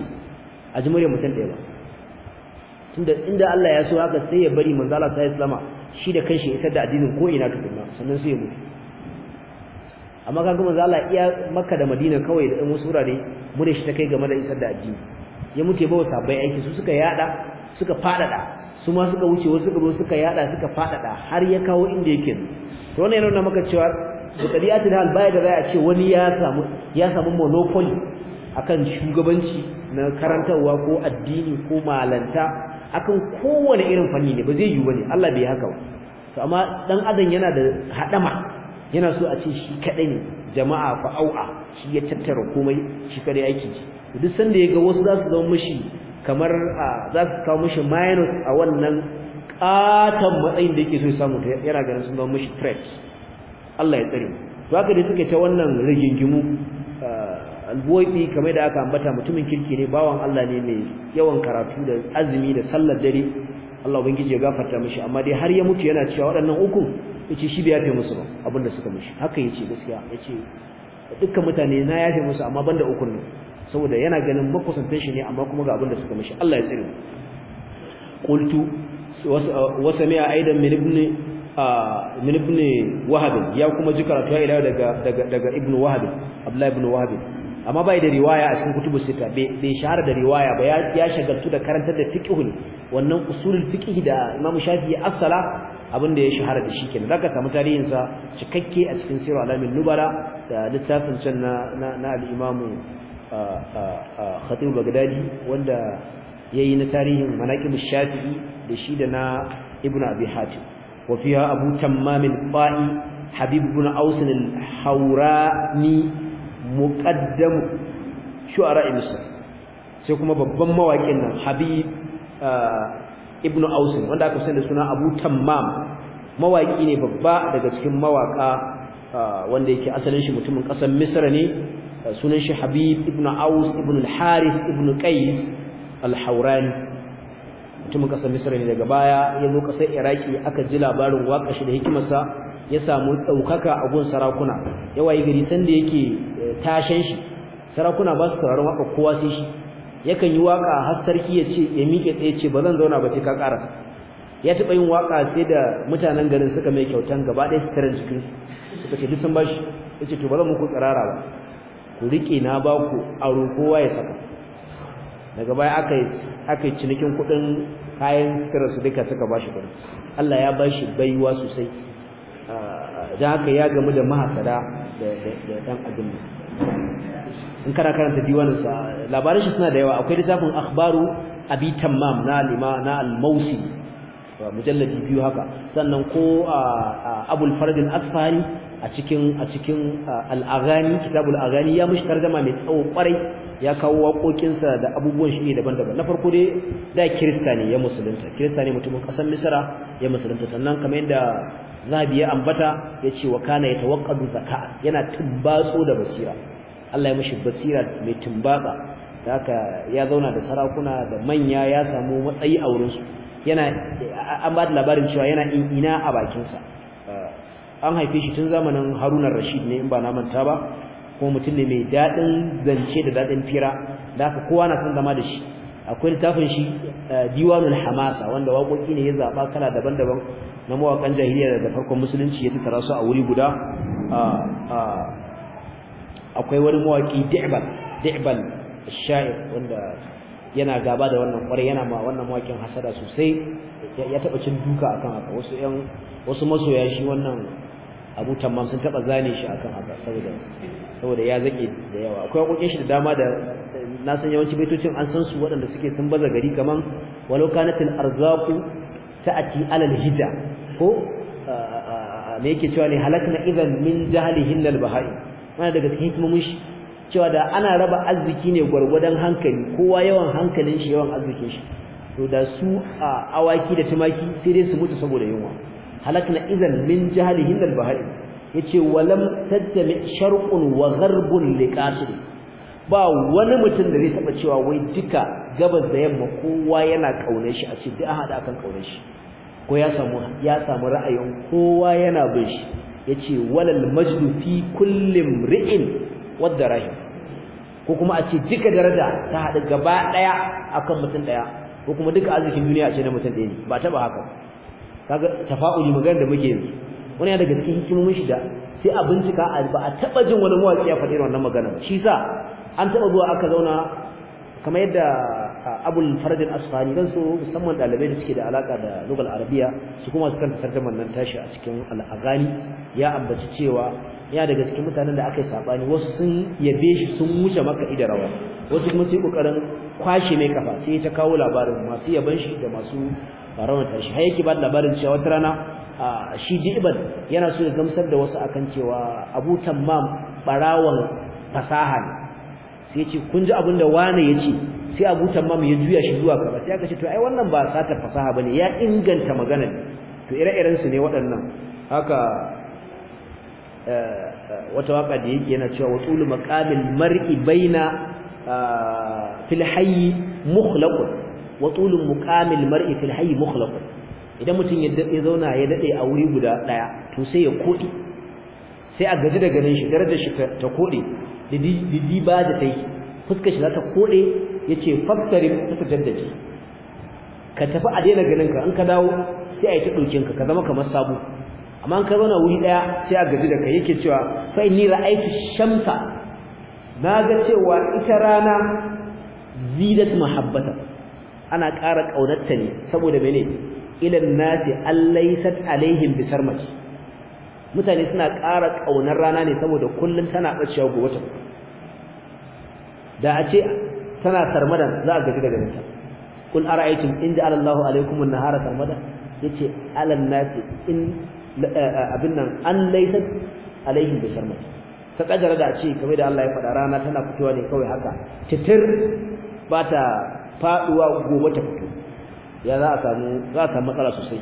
a ji murya mutum ɗaya ba tunda inda Allah ya so haka sai ya bari manzala Allah sallallahu alaihi shi da kanshi ya tada addinin ko ina tukunna sannan sai ya mutu amma ga manzo Allah iya Makka da Madina kawai da wasu wurare mu da shi ta kai game da isar da addini ya muke bawa sabai aiki su suka yada suka fadada su ma suka wuce wasu gaba suka yada suka fadada har ya kawo inda yake to wannan yana maka cewa bukadiyatu da albaya da zai a ce wani ya samu ya samu monopoly akan shugabanci na karantarwa ko addini ko malanta akan kowane irin fanni ne ba zai yi bane Allah bai haka ba to amma dan adam yana da hadama yana so a ce shi kadai ne jama'a fa au'a shi ya tattara komai shi kadai aiki ce duk sanda ya ga wasu za su zama mishi kamar za su kawo mishi minus a wannan katon matsayin da yake so ya samu ta yana ganin sun zama mishi threat Allah ya tsare to haka dai suka ta wannan rigingimu alboyi kamar da aka ambata mutumin kirki ne bawan Allah ne mai yawan karatu da azumi da sallar dare Allah ubangiji ya gafarta mishi amma dai har ya mutu yana cewa waɗannan uku yace shi bai yafe musu ba abinda suka mishi haka yace gaskiya yace dukkan mutane na yafe musu amma banda ukun ne saboda yana ganin makusantan shi ne amma kuma ga abinda suka mishi Allah ya tsare qultu uh, wa sami'a aidan min ibn uh, min ibn wahab ya kuma ji karatu ila daga daga ibn wahab Abdullah ibn wahab amma bai da riwaya a cikin kutubu sita bai shahara da riwaya ba ya shagaltu da karantar da fiqhun wannan usulul fiqh da Imam ya afsala abin da ya shahara da shi kenan zaka samu tarihin sa cikakke a cikin Sirr alamin nubara da littafin can na na al-Imam uh, uh, uh, Khatib Baghdadi wanda yayi na tarihin manaqib Shafi'i da shi da na Ibn Abi Hatim wa fiha Abu Tammam al-Ba'i Habib ibn Aus al-Hawrani muqaddam shu'ara misr sai kuma babban mawaƙin nan habib uh, ibnu aus wanda aka sani da suna abu tammam mawaƙi ne babba daga cikin mawaƙa uh, wanda yake asalin shi mutumin ƙasar misra ne uh, sunan shi habib ibnu aus ibnu al-harith ibnu qais al-hawrani mutumin kasar Misra ne daga baya ya zo kasar Iraki aka ji labarin waƙa shi da hikimarsa ya samu ɗaukaka a gun sarakuna yawayi gari sanda yake tashen shi sarakuna ba su sauraron haka kowa sai shi yakan yi waka har sarki ya ce ya miƙe tsaye ce ba zan zauna ba ce ka ƙara ya taɓa yin waka sai da mutanen garin suka mai kyautan gaba ɗaya su tarar jikin suka ce duk sun bashi ya ce to ba zan muku tsirara ba ku riƙe na ba ku aro kowa ya saka daga baya aka yi aka yi cinikin kuɗin kayan sutura su duka suka bashi kuɗi Allah ya bashi baiwa sosai ah, don haka ya gamu da mahasara da ɗan abin in kana karanta diwanin sa labaran shi suna da yawa akwai littafin akhbaru abi tammam na lima na al-mausi mujalladi biyu haka sannan ko abul farad al-asfari a cikin a cikin al-aghani kitabul aghani ya mushi tarjuma mai tsawo kwarai ya kawo wakokin sa da abubuwan shi daban-daban na farko dai da kirista ne ya musulunta kirista ne mutumin kasar misra ya musulunta sannan kamar yadda zabi ya ambata yace wa kana yatawaqqadu zakat yana tubbatso da basira Allah ya mishi basira mai tumbaba haka ya zauna da sarakuna da manya ya samu matsayi a wurin su yana an ba da labarin cewa yana ina a bakin sa eh, an haife shi tun zamanin Haruna Rashid ne in ba na manta ba ko mutum ne mai dadin zance da dadin fira da haka kowa na son zama da shi akwai littafin shi eh, Diwanul Hamasa wanda waƙoƙi ne ya zaba kala daban-daban na mawakan jahiliya da farkon musulunci ya tattara su a wuri guda eh, akwai wani mawaki da'ibal da'ibal sha'ir wanda yana gaba da wannan kwarai yana ma wannan mawakin hasada sosai ya taba cin duka akan haka wasu yan wasu masoya shi wannan Abu tamman sun taba zane shi akan haka saboda saboda ya zake da yawa akwai kokin shi da dama da na san yawanci baitocin an san su waɗanda suke sun baza gari kaman walau kanatil arzaqu ta'ati alal hida ko me yake cewa ne halakna idan min jahlihin al bahai ana daga cikin hikimomin shi cewa da ana raba arziki ne gwargwadon hankali kowa yawan hankalin shi yawan arzikin shi to da su a awaki da tumaki sai dai su mutu saboda yunwa halakna idan min jahalihin dal bahari yace walam tajmi sharqun wa gharbun liqasir ba wani mutum da zai taba cewa wai duka gabas da yamma kowa yana kaunar shi a ce duk an hada akan kaunar shi ko ya samu ya samu ra'ayin kowa yana bin shi yace walal majdu fi kullim ri'in wadda rahim ko kuma a ce duka daraja ta haɗu gaba daya akan mutum ɗaya ko kuma duka arzikin duniya a ce na mutum daya ne ba ta ba haka kaga tafa'uli magana da muke yanzu wani daga cikin hikimomin shi da sai a bincika a ba a taba jin wani mawaki ya faɗi wannan magana shi sa an taba zuwa aka zauna kamar yadda abul farad al asfani dan so musamman dalibai da suke da alaka da lugal arabiya su kuma su kanta tarjuman nan tashi a cikin al ya ambaci cewa ya daga cikin mutanen da aka yi sabani wasu sun yabe shi sun wuce maka ida rawa wasu kuma sai kokarin kwashe mai kafa sai ta kawo labarin masu yaban shi da masu rawan tashi har yake ba labarin cewa wata rana shi dibal yana so ya gamsar da wasu akan cewa abu tammam barawan fasaha ne sai ce kun ji abin da wane ya ce sai Abu Tammam ya juya shi zuwa kaza sai aka ce to ai wannan ba satar fasaha bane ya inganta magana to ire-iren su ne waɗannan haka eh, wata waka da yake yana cewa watul maqamil mar'i baina eh, fil hayy mukhlaq maqamil mar'i fil hayy mukhlaq idan mutum ya zauna ya dade a wuri guda daya to sai ya kodi sai a gaji da ganin shi darajar shi ta kode didi ba da tai fuskar shi za ta koɗe. yace ta tatajaddadi ka tafi a daina ganin ka in ka dawo sai a yi ta dokin ka ka zama kamar sabu. amma in ka zauna wuri ɗaya sai a gaji da kai yake cewa fa inni ra'aytu shamsa Na ga cewa ita rana zidat mahabbata ana ƙara ƙaunarta ne saboda mene ilan nasi allaysat alaihim bisarmati mutane suna ƙara ƙaunar rana ne saboda kullum tana ga gobe da a ce tana sarmada za a gaji daga nisa kul ara'aytum in ja'ala Allahu na an-nahara sarmadan yace alan nasi in eh, eh, abin nan an laysat alaihim bi sarmada ta kadara da ce kamar da Allah ya faɗa rana tana fitowa ne kawai haka titir ba ta faduwa gobe ta fito ya za a samu za a samu matsala sosai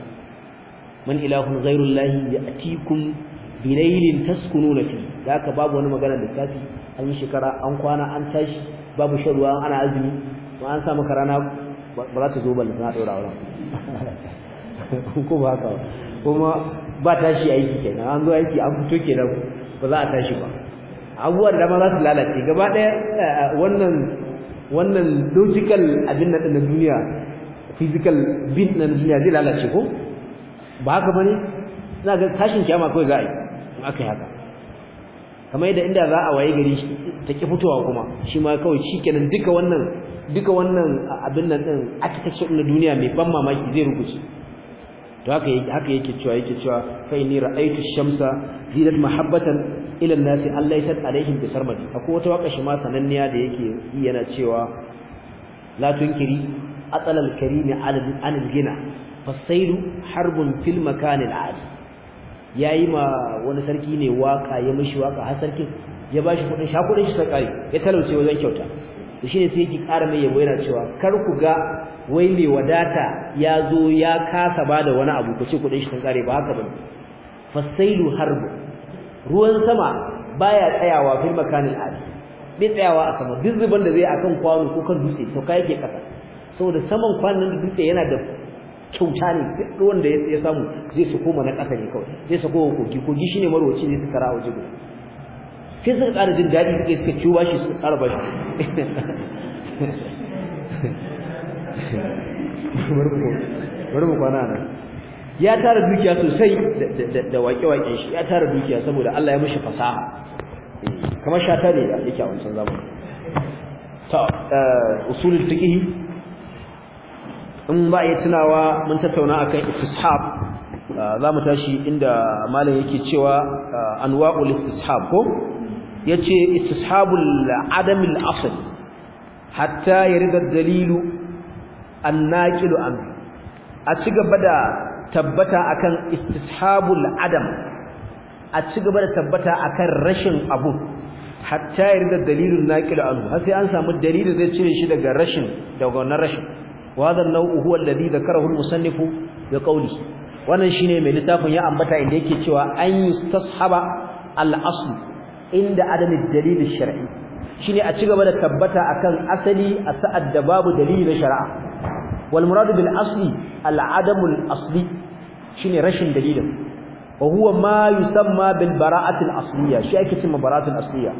man ilahun ghairullahi ya'tikum bilailin taskununa fi da haka babu wani magana lissafi an yi shekara an kwana an tashi babu shan ruwa ana azumi ko an sa maka rana ba za ta zo ba na daura wurin ko ba haka kuma ba tashi aiki kenan an zo aiki an fito kenan ba za a tashi ba abubuwan da ma za su lalace gaba ɗaya eh, wannan wannan logical abin nan na duniya physical bin na duniya zai lalace ko ba haka bane za ga tashin kiyama kawai za a yi in aka yi haka kamar yadda inda za a waye gari ta ki fitowa kuma shi ma kawai shikenan duka wannan duka wannan abin nan din architecture na duniya mai ban mamaki zai rubuce to haka yake haka yake cewa yake cewa fa inni ra'aytu shamsa zidat mahabbatan ila an-nas allaysat alaihim bi sarmadi akwai wata waka shi ma sananniya da yake yana cewa la tunkiri atalal karimi ala al-gina fasailu harbun fil makan al-aali ya yi ma wani sarki ne waka ya mishi waka har sarkin ya bashi kudin sha kudin shi sarkari ya talauce wajen kyauta to shine sai yake ƙara mai yabo yana cewa kar ku ga wai mai wadata ya zo ya kasa bada wani abu ku ce kudin shi sun kare ba haka bane fasailu harbu ruwan sama baya tsayawa fil makanin adi bai tsayawa a sama duk zuban da zai akan kwano ko kan dutse to kai yake kasa saboda saman kwanon dutse yana da kyauta ne duk wanda da ya samu zai su koma na ƙasa ne kawai zai su koma kogi kogi shine marwaci ne su kara a waje guda sai suka ƙara jin daɗi suka suka ciwo bashi su ƙara bashi bari kwana nan ya tara dukiya sosai da waƙe-waƙen shi ya tara dukiya saboda Allah ya mishi fasaha eh, kamar shata ne da yake a wancan zamani ta eh, usulul fiqh in ba ya tunawa mun tattauna kan istishab ah, za mu tashi inda malam yake cewa ah, anwa'ul istishab ko Ya istishabul adam al asl hatta rida dalilu naƙilu an a ci gaba da tabbata akan istishabul adam a ci gaba da tabbata akan rashin abu hatta ya yarda dalilun naƙilu an sai an samu dalilin zai cire shi daga rashin daga wannan rashin wa hadha an-naw'u huwa alladhi dhakarahu al-musannifu bi qawli wannan shine mai littafin ya ambata inda yake cewa an yustashaba al-asl inda adam ad shari'i. ash-shar'i shine a cigaba da tabbata akan asali a sa'ad da babu dalili na shari'a wal murad bil asli al asli shine rashin dalilin wa huwa ma yusamma bil bara'ati al-asliya shi ake cewa bara'atul asliya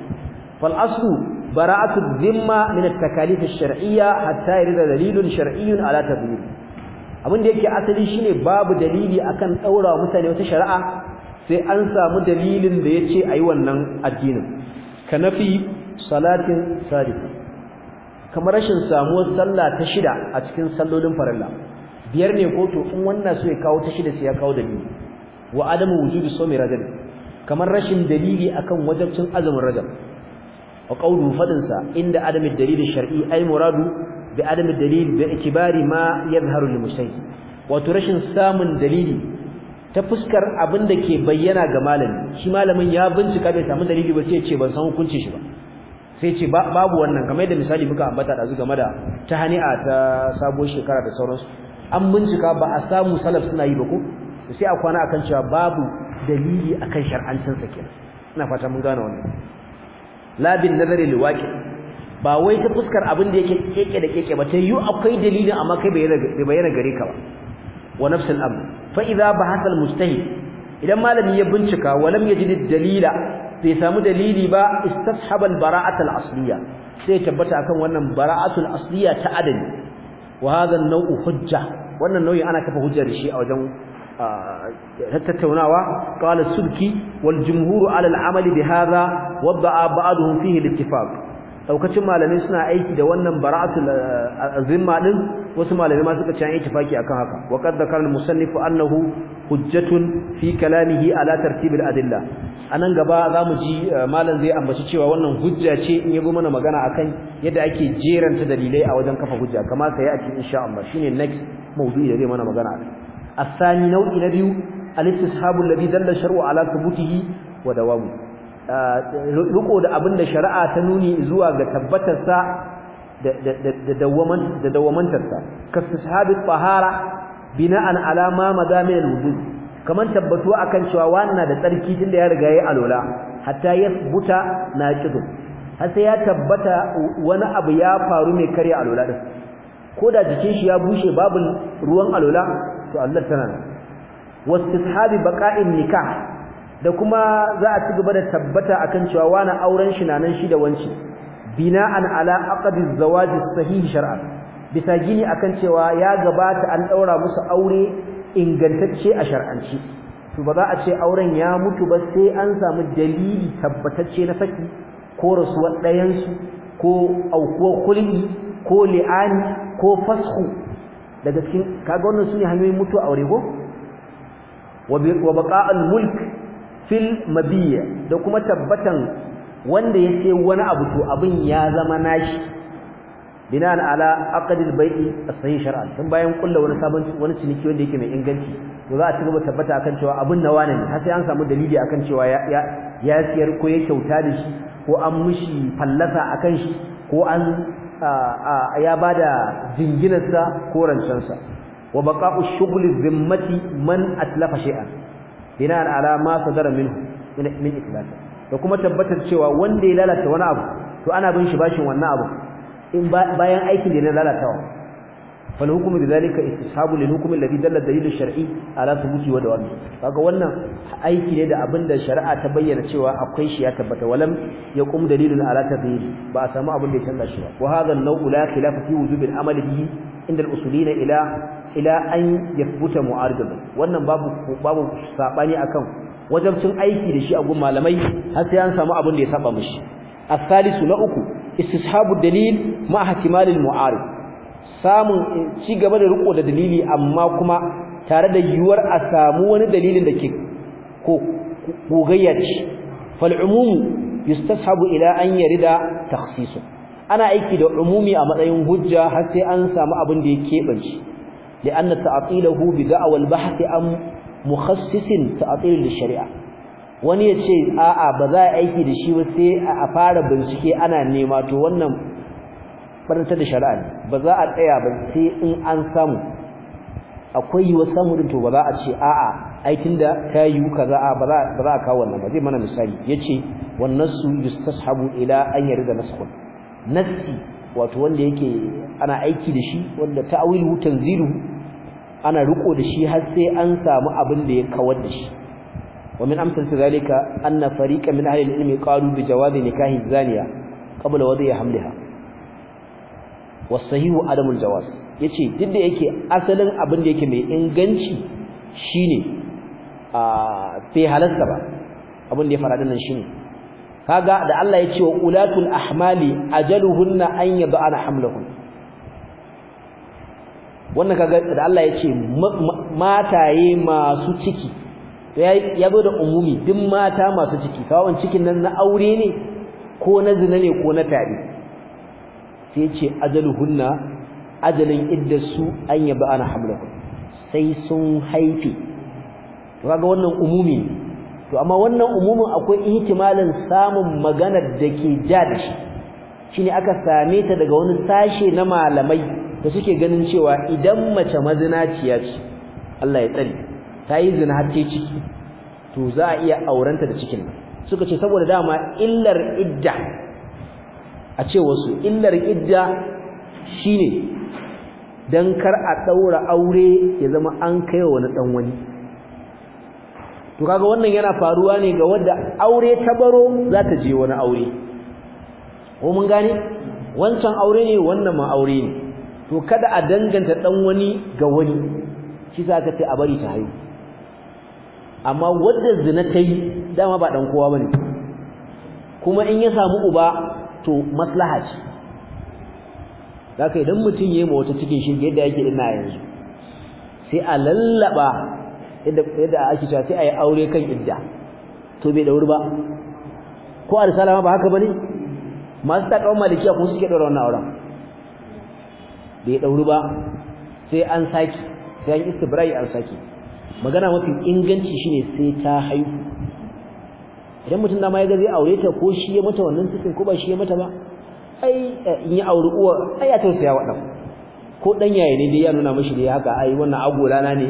fal aslu براءة الذمة من التكاليف الشرعية حتى يرد دليل شرعي على تبيين abin da yake asali shine babu dalili akan daura mutane wata shari'a sai an samu dalilin da yace ayi wannan addinin ka nafi salatin sadisa kamar rashin samuwar sallah ta shida a cikin sallolin farilla biyar ne ko to in wannan so ya kawo ta shida sai ya kawo dalili wa adamu wujudu sawmi rajab kamar rashin dalili akan wajabcin azumin rajab wa qawluhu sa inda adami dalilin shar'i ai muradu bi adamin dalil bi itibari ma yadhharu lil mustahid wato rashin samun dalili ta fuskar abin da ke bayyana ga malami shi malamin ya bincika bai samu dalili ba sai ya ce ban san hukunci shi ba sai ce babu wannan kamar yadda misali muka ambata dazu game da ta hani'a ta sabo shekara da sauransu an bincika ba a samu salaf suna yi ba ko sai a kwana akan cewa babu dalili akan shar'ancin sa kenan ina fata mun gane wannan labin nazari liwaqi ba wai ta fuskar abin da yake keke da keke ba tayu akwai dalilin amma kai bai yana gare ka ba wa nafsul amr fa idza bahasal mujtahid idan malami ya bincika walam yajid dalila bai samu dalili ba istashaba al bara'at al asliya sai tabbata akan wannan bara'atul asliya ta adali wa hadha an-naw'u hujja wannan nau'i ana kafa hujjar shi a wajen tattaunawa qala subki wal alal'amali ala al amal bi hadha wadda'a ba'dhum daukacin malamai suna aiki da wannan bara'atul azimma din wasu malamai ma suka ci an ittifaki akan haka wa qad dhakara al musannif annahu hujjatun fi kalamihi ala tartib al adilla anan gaba zamu ji malam zai ambaci cewa wannan hujja ce in yabo mana magana akan yadda ake jeranta dalilai a wajen kafa hujja kamar sai a cikin insha Allah shine next mawdu'i da zai mana magana akan الثاني نوع نبي الاستسحاب الذي دل الشرع على ثبوته ودوامه riko da abin da shari'a ta nuni zuwa ga tabbatarsa da dawaman da dawamantarsa kasashabi tahara bina'an ala ma madamin alwujud kaman tabbatu akan cewa wannan da tsarki tunda ya riga yayi alola hatta yasbuta naqidu har sai ya tabbata wani abu ya faru mai karya alola din koda jikin shi ya bushe babu ruwan alola to Allah tana nan baqa'in nikah da kuma za a ci da tabbata akan cewa wani auren shi nan shi da wanci bina'an ala aqdi az-zawaj as-sahih shar'an bisa gini akan cewa ya gabata an daura musu aure ingantacce a shar'anci to ba za a ce auren ya mutu ba sai an samu dalili tabbatacce na saki ko rasuwar ɗayansu ko aukuwar kulli ko li'ani ko fasxu daga cikin kaga wannan sune hanyoyin mutuwa aure ko wa baqa'ul mulk fil mabiyya da kuma tabbatan wanda yake wani abu to abin ya zama nashi bina'an ala aqdil bai'i sahih shar'an tun bayan kullu wani sabon wani ciniki wanda yake mai inganci to za a ci gaba tabbata akan cewa abin nawa ne har sai an samu dalili akan cewa ya ya siyar ko ya kyauta da shi ko an mushi fallasa akan shi ko an ya bada jinginarsa ko rancansa wa baqa'u shughli zimmati man atlafa shay'an Ina ala ma sadara minhu min ikhlas da kuma tabbatar cewa wanda ya lalata wani abu to ana bin shi bashin wannan abu in bayan aikin da ya wa. fal hukmu bidhalika istihabu lil hukmi alladhi dalla dalil shar'i ala thubuti wa dawami kaga wannan aiki ne da abinda shari'a ta bayyana cewa akwai shi ya tabbata walam yaqum dalilun ala tadhil ba a samu abin da ya canza shi ba wa hadha an-naw'u la khilafa fi inda al ila wannan babu sabani akan wajabcin aiki da shi a gun malamai har sai an samu abin da ya saba mishi الثالث لا أكو استصحاب الدليل مع احتمال المعارض samun ci gaba da riko da dalili amma kuma tare da yiwuwar a samu wani dalilin da ke ko gogayya ce fal umumu yustashabu ila an yarida takhsisu ana aiki da umumi a matsayin hujja har sai an samu abin da ya kebanci li'anna ta'tilahu bi da'wa al-bahth am mukhassisin da shari'a. wani ya ce a'a ba za a aiki da shi ba sai a fara bincike ana nema to wannan barantar da shari'a ne ba za a tsaya ba sai in an samu akwai yiwa samu din to ba za a ce a'a ai tunda ta yi kaza a ba za a kawo wannan ba zai mana misali yace wan nasu yustashabu ila an yarda nasxun nasi wato wanda yake ana aiki da shi wanda ta'awilu tanzilu ana riko da shi har sai an samu abin da ya kawar da shi wa min amsalti zalika anna fariqan min ahli al-ilmi qalu bi jawazi nikahi zaniya qabla wadi hamliha wasahihu adamul jawaz yace duk da yake asalin abin da yake mai inganci shine a fi halatta ba abin da ya fara dinnan shine kaga da Allah ya ce wa ulatul ahmali ajaluhunna an yad'ana hamlahun wannan kaga da Allah ya ce mataye masu ciki to ya zo da umumi duk mata masu ciki kawon cikin nan na aure ne ko na zina ne ko na tare sai ce ajaluhunna ajalin iddasu an yaba ana hamlaku sai sun haife kaga wannan umumi to amma wannan umumin akwai ihtimalin samun maganar da ke ja da shi shine aka same ta daga wani sashe na malamai da suke ganin cewa idan mace mazinaciya ce Allah ya tsare ta yi zina har ta ciki to za a iya aurenta da cikin suka ce saboda dama illar idda a ce wasu illar idda shine dan kar a ɗaura aure ya zama an kai wa wani dan wani to kaga wannan yana faruwa ne ga wanda aure ta baro za ta je wani aure ko mun gane wancan aure ne wannan ma aure ne to kada a danganta ɗan wani ga wani shi za ka ce a bari ta haihu amma wadda zina ta yi dama ba dan kowa bane kuma in ya samu uba to maslaha ce zaka idan mutum yayi wata cikin shi yadda yake ina yanzu sai a lallaba yadda yadda ake cewa sai ayi aure kan idda to bai dauri ba ko arsala ma ba haka bane masu maliki a ko suke dora wannan auren bai dauri ba sai an saki sai an istibrai an saki magana mafi inganci shine sai ta haihu idan mutum dama ya ga zai aure ta ko shi ya mata wannan cikin ko ba shi ya mata ba ai eh, in ya aure uwa ai ya tausaya wa ko dan yaye ne dai ya nuna mishi dai haka ai wannan ago lana ne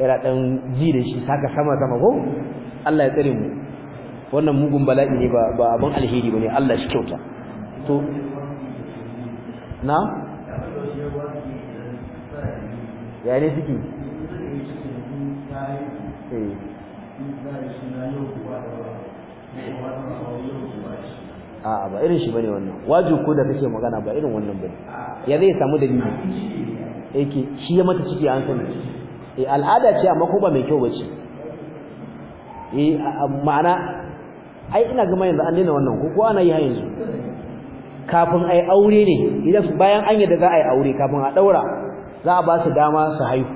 yana dan ji da shi saka sama sama ko Allah ya tsare mu wannan mugun bala'i ne ba ba abin alheri bane Allah shi kyauta to na ya ne suke eh a'a ba irin shi bane wannan wajin ko da kake magana ba irin wannan bane ya zai samu dalili yake eh, shi ya mata ciki an sani eh al'ada ce amma ko ba mai kyau bace eh ma'ana ai ina ga yanzu an daina wannan ko ko ana yi har yanzu kafin ai aure ne idan bayan an yadda za a yi aure kafin a daura za a ba su dama su haihu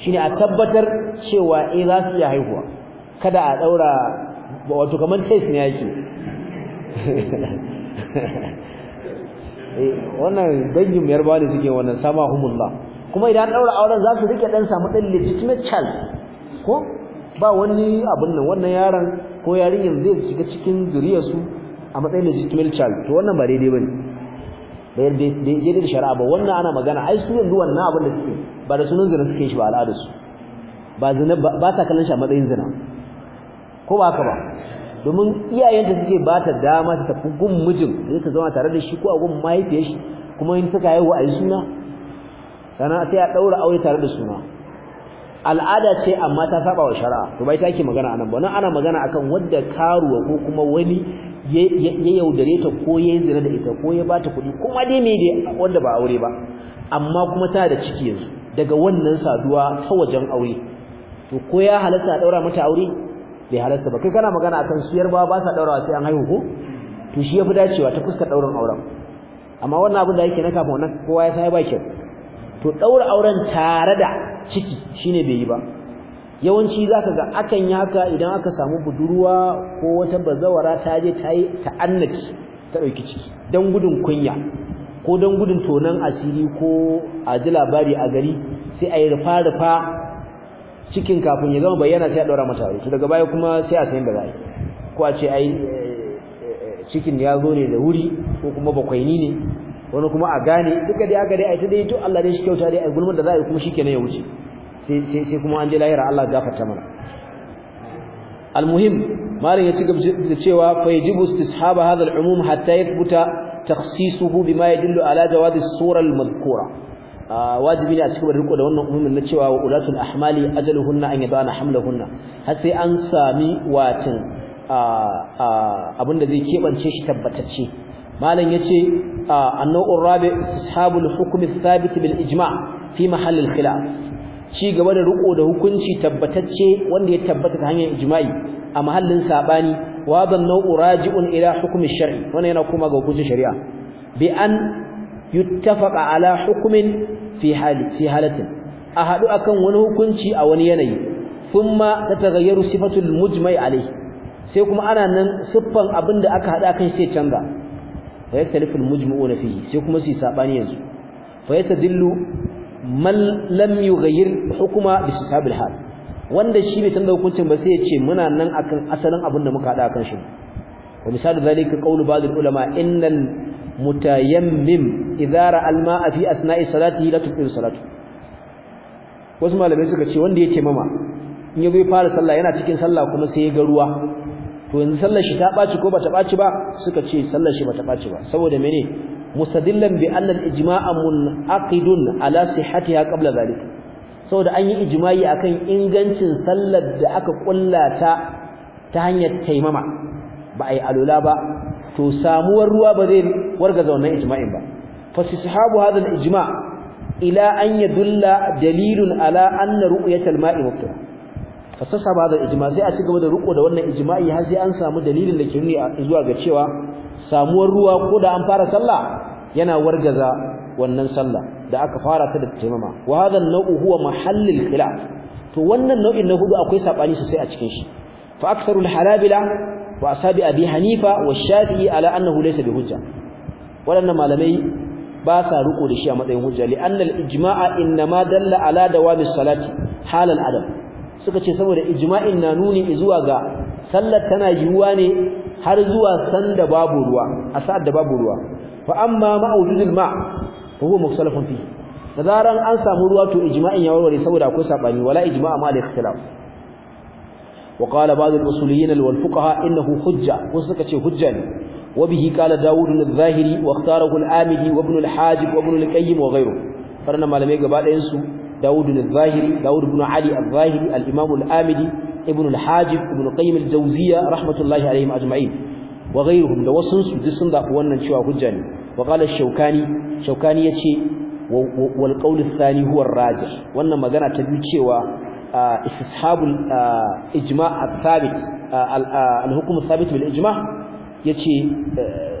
shine a tabbatar cewa eh za su iya haihuwa kada a daura wato kamar test ne yake eh, wannan dangin mayar ne suke wannan sama humullah kuma idan daura auren za su rike dan samu dan legitimate child ko ba wani abin nan wannan yaron ko yarinyan zai shiga cikin su a matsayin legitimate child to wannan ba daidai bane bai da yadda da shari'a ba wannan ana magana ai su yanzu wannan abin da suke ba da sunan zina suke shi ba al'adarsu ba zina ba ta kallon shi a matsayin zina ko ba haka ba domin iyayenta suke ba ta dama ta tafi gun mijin da ta zama tare da shi ko a gun mahaifiyar shi kuma in suka haihu a yi suna sana sai a ɗaura aure tare da suna al'ada ce amma ta saba wa shari'a to bai take magana a nan ba nan ana magana akan wadda karuwa ko kuma wani ya yaudare ta ko ya yi zina da ita ko ya bata kuɗi kuma dai me dai wanda ba aure ba amma kuma tana da ciki yanzu daga wannan saduwa ta wajen aure to ko ya halatta a ɗaura mata aure bai halarta ba kai kana magana akan su yarbawa ba sa daurawa sai an haihu ko to shi yafi dacewa ta fuskar daurin auren amma wannan abin da yake na kafin wannan kowa ya sai ba ke to daura auren tare da ciki shine bai yi ba yawanci zaka ga akan yi haka idan aka samu budurwa ko wata bazawara ta je ta yi ta'annaki ta dauki ciki dan gudun kunya ko dan gudun tonan asiri ko a ji labari a gari sai ayi yi rufa-rufa cikin kafin ya zama bayyana sai a daura mata aure to daga baya kuma sai a sayin da za a ko a ce ai eh, eh, eh, cikin ya zo ne da wuri ko kuma bakwaini ne wani kuma a gane duka dai aka dai ai ta dai to Allah dai shi kyauta dai ai gulmar da za a yi kuma shi shikenan ya wuce sai sai kuma an je lahira Allah gafarta mana almuhim malam ya ci gaba da cewa fa yajibu istishaba hadha al-umum hatta yathbuta takhsisuhu bima yadullu ala jawazi as-sura al-madhkura wajibi ne a cikin riko da wannan umumin na cewa wa ulatul ahmali ajaluhunna an yadana hamlahunna har sai an sami watin abinda zai kebance shi tabbatacce malam yace annau'ur rabi ashabul hukm athabit bil ijma' fi mahall al khilaf ci gaba da riko da hukunci tabbatacce wanda ya tabbata ta hanyar ijma'i a mahallin sabani wa ban nau'u raji'un ila hukm al shar'i wannan yana kuma ga hukuncin shari'a bi an yuttafaqa ala hukmin fi hali fi halatin a hadu akan wani hukunci a wani yanayi thumma tatagayyaru sifatul mujmai alayhi sai kuma ana nan siffan abinda aka hada kan sai canza fa yaktalifu al mujmu'una fihi sai kuma su sabani yanzu fa yatadillu man lam yughayyir hukma bi sifabil hal wanda shi bai canza hukuncin ba sai ya ce muna nan akan asalin abinda muka hada kan shi ومثال ذلك قول بعض العلماء إن mutayammim idza ra'a maa fi asna'i salati la tuqil salatu wasu malamai suka ce wanda ya taimama in ya fara sallah yana cikin sallah kuma sai ya ga ruwa to yanzu sallar shi ta baci ko bata baci ba suka ce sallar shi bata baci ba saboda mene musadillan bi anna al-ijma'a munaqidun ala sihhatiha qabla zalika saboda an yi ijma'i akan ingancin sallar da aka kullata ta hanyar taimama ba ai alula ba to samuwar ruwa ba zai warga wannan ijma'in ba fasishabu hadha al-ijma' ila an yadulla dalilun ala anna ru'yat al-ma'i mubtada fasishabu hadha al-ijma' sai a ci gaba da ruko da wannan ijma'i har sai an samu dalilin da ke nuni zuwa ga cewa samuwar ruwa ko da an fara sallah yana wargaza wannan sallah da aka fara ta da taimama wa hadha an-naw'u huwa mahallul khilaf to wannan nau'in na hudu akwai sabani sosai a cikin shi fa aktharul halabila wa ashabi abi hanifa wa shafi'i ala annahu laysa bihujja wadannan malamai ba sa ruko da shi a matsayin hujja li annal ijma'a inma dalla ala dawami salati halal adam suka ce saboda ijma'in na nuni zuwa ga sallar tana yiwuwa ne har zuwa sanda babu ruwa a sa'ad da babu ruwa fa amma ma'ududul ma fa huwa mukhtalafun fihi da zaran an samu ruwa to ijma'in ya warware saboda akwai sabani wala ijma'a ma da ikhtilaf wa qala ba'd al-usuliyyin wal fuqaha innahu hujja wasu suka ce hujja ne wa bihi qala daud zahiri wa ikhtarahu amidi wa ibn al farna malamai gaba ɗayan su daud zahiri daud ibn ali al-zahiri al-imam al-amidi ibn al-hajib ibn qayyim al-jawziyya rahmatullahi alayhim ajma'in wa da su duk wannan cewa hujja ne wa yace wal qawl ath wannan magana ta ducewa. istishabul ijma' al-thabit al-hukm yace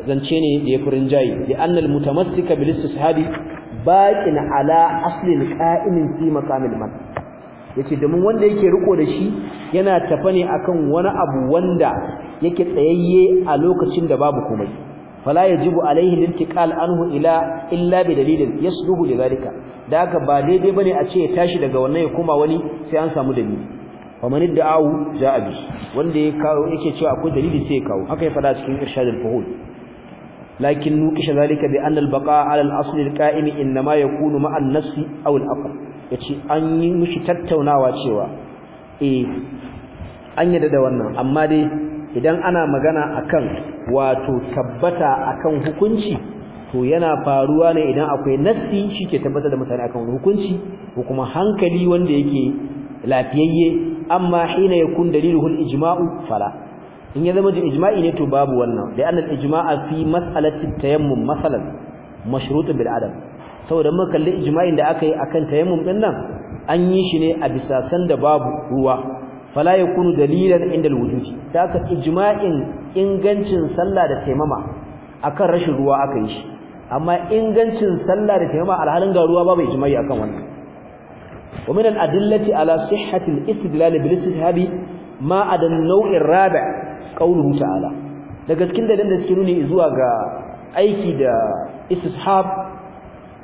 zance ne da yafi rinjayi da annal mutamassika bil istishabi baqin ala asli al-qa'imin fi maqamil man yace domin wanda yake riko da shi yana tafa ne akan wani abu wanda yake tsayayye a lokacin da babu komai fala yajibu alaihi lintiqal anhu ila illa bi dalilin yasluhu lidhalika da haka ba daidai bane a ce ya tashi daga wannan ya koma wani sai an samu dalili wa man idda'u ja'a bi wanda ya kawo yake cewa akwai dalili sai ya kawo haka ya fada cikin irshad al-fuhul lakin nuqisha zalika bi anna al-baqa' ala al-asl al-qa'im inma yakunu ma'a an-nafs aw al-aql yace an yi mishi tattaunawa cewa eh an yadda da wannan amma dai idan ana magana akan wato tabbata akan hukunci to yana faruwa ne idan akwai nassi shike tabbata da mutane akan hukunci ko kuma hankali wanda yake lafiyayye amma hina yakun dalilul ijmau fala in ya zama da ijma'i ne to babu wannan da annal ijma'a fi mas'alati tayammum masalan mashrutun bil adam saboda mun kalli ijma'in da aka yi akan tayammum din nan an yi shi ne a bisa san da babu ruwa fala yakunu dalilan inda alwujudi daga ijma'in ingancin sallah da taimama akan rashin ruwa aka yi shi amma ingancin sallah da taimama alhalin ga ruwa babu ijma'i akan wannan wa min ala sihhati al-istidlal bil istihhabi ma ada an-naw'i ar-rabi' qawluhu ta'ala daga cikin dalilan da suke nuni zuwa ga aiki da istihab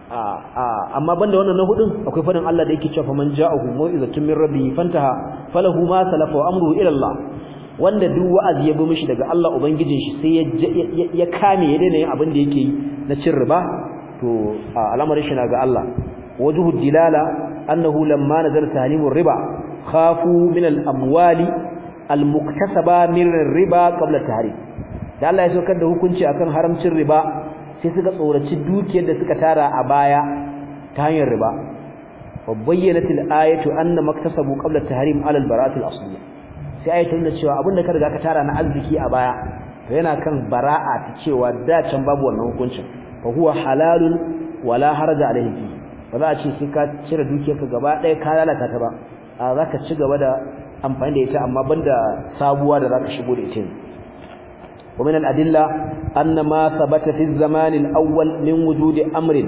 amma banda wannan na hudun akwai fadin Allah da yake cewa man ja'ahu mu'izatun min rabbi fantaha falahu ma salafa wa amru ila Allah wanda duk wa'azi ya bi mishi daga Allah ubangijin shi sai ya kame ya daina yin abin da yake yi na cin riba to al'amarin shi na ga Allah wajhu dilala annahu lamma nazar talimur riba khafu min al-amwali al-muktasaba min riba qabla tahrim da Allah ya saukar da hukunci akan haramcin riba sai suka tsoraci dukiyar da suka tara a baya ta hanyar riba wa bayyanatil ayatu anna maktasabu qabla tahrim ala al-bara'atil asliya sai ayatu nuna cewa abinda ka riga ka tara na arziki a baya to yana kan bara'a ta cewa da can babu wannan hukuncin fa huwa halalun wala haraja alayhi fi ba za a ce sai ka cire dukiyarka gaba ɗaya ka lalata ta ba a ka ci gaba da amfani da ita amma banda sabuwa da zaka shigo da ita ومن الأدلة أن ما ثبت في الزمان الأول من وجود أمر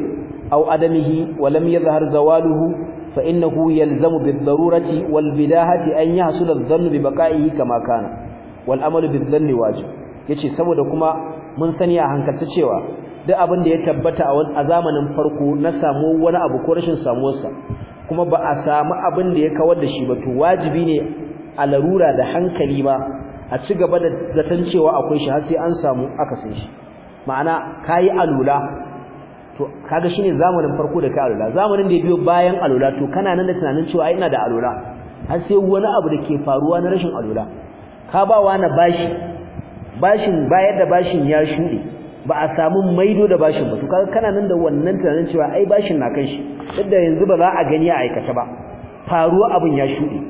أو عدمه ولم يظهر زواله فإنه يلزم بالضرورة والبداهة أن يحصل الظن ببقائه كما كان والأمل بالظن واجب yace saboda kuma mun sani a hankalta cewa duk abinda ya tabbata a zamanin farko na samu wani abu ko rashin samuwarsa kuma ba a samu abin da ya kawar da shi ba wajibi ne a larura da hankali ba a ci gaba da zaton cewa akwai shi har sai an samu aka san shi ma'ana kai alula to kaga shine zamanin farko da kai alula zamanin da ya biyo bayan alula to kana nan da tunanin cewa ai ina da alula har sai wani abu da ke faruwa na rashin alula ka ba wa na bashi bashin bayar da bashin ya shuɗe ba a samu maido da bashin ba to kaga kana nan da wannan tunanin cewa ai bashin na kan shi duk da yanzu ba za a gani a aikata ba faruwa abin ya shuɗe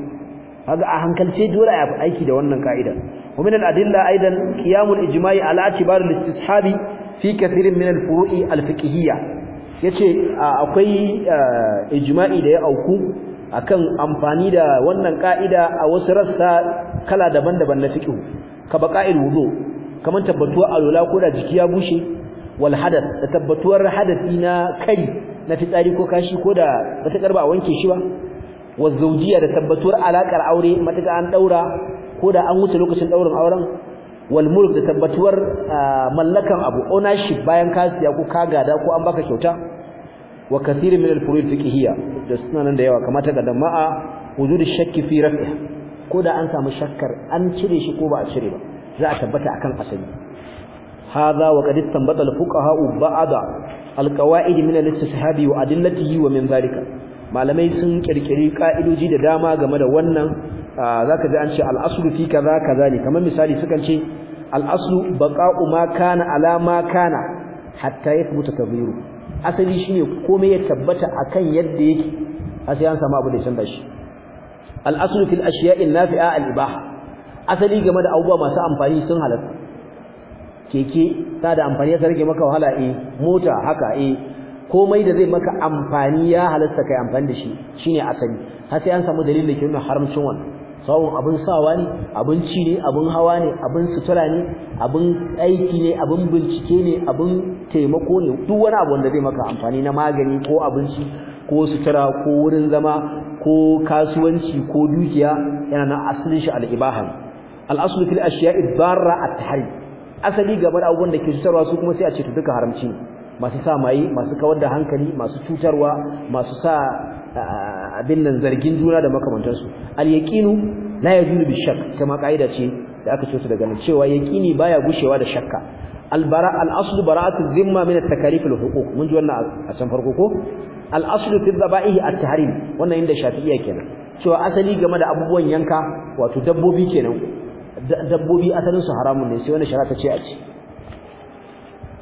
kaga a hankalce dole a aiki da wannan ka'ida wa min al-adilla aidan qiyamul ijma'i ala atibar al-istishabi fi kathirin al-furu'i al yace akwai ijma'i da ya auku akan amfani da wannan ka'ida a wasu rassa kala daban-daban na fiqh ka baqa'il wudu kaman tabbatuwar alula ko da jiki ya bushe wal hadath da tabbatuwar hadathi na kai na fitsari ko kashi ko da wata karba wanke shi ba wa zawjiyya da tabbatuwar alakar aure matuka an daura ko da an wuce lokacin ɗaurin auren wal da tabbatuwar mallakan abu ownership bayan ka siya ko ka gada ko an baka kyauta wa kathir min al furud fiqhiyya da suna nan da yawa kamata ga jama'a wujudu shakki fi raf'i ko da an samu shakkar an cire shi ko ba a cire ba za a tabbata akan asali hadha wa qad istanbata al fuqaha ba'da al qawaid min al istihhabi wa adillatihi wa min dhalika malamai sun kirkiri ka'idoji da dama game da wannan zaka ji an ce al-aslu fi kaza kaza ne kamar misali sukan ce al-aslu baqa'u ma kana ala ma kana hatta yathbuta taghyuru asali shine komai ya tabbata akan yadda yake asali an samu abu da canza bashi al-aslu fil ashiya'i an-nafi'a al-ibaha asali game da abubuwa masu amfani sun halatta keke ta da amfani ya rage maka wahala eh mota haka eh komai da zai maka amfani ya halasta kai amfani da shi shine asali har sai an samu dalilin da ke nuna haramcin wannan sawun abun sawa ne abun ci ne abun hawa ne abun sutura ne abun aiki ne abun bincike ne abun taimako ne duk wani abu wanda zai maka amfani na magani ko abinci ko sutura ko wurin zama ko kasuwanci ko dukiya yana na asalin shi al ibahan al-aslu fil ashiya'i barra at-tahrim asali ga da abubuwan da ke cutarwa su kuma sai a ce duka haramci masu sa maye, masu kawar da hankali masu cutarwa masu sa abin nan zargin juna da makamantansu al yaqinu la yajibu bi shakk kama kaida ce da aka ce su daga cewa yaqini baya gushewa da shakka al bara al aslu bara'atu dhimma min at takarif al huquq mun ji wannan a can farko ko al aslu fi dhaba'ihi at tahrim wannan inda shafi'iyya kenan cewa asali game da abubuwan yanka wato dabbobi kenan dabbobi asalin su haramun ne sai wannan shari'a ta ce a ce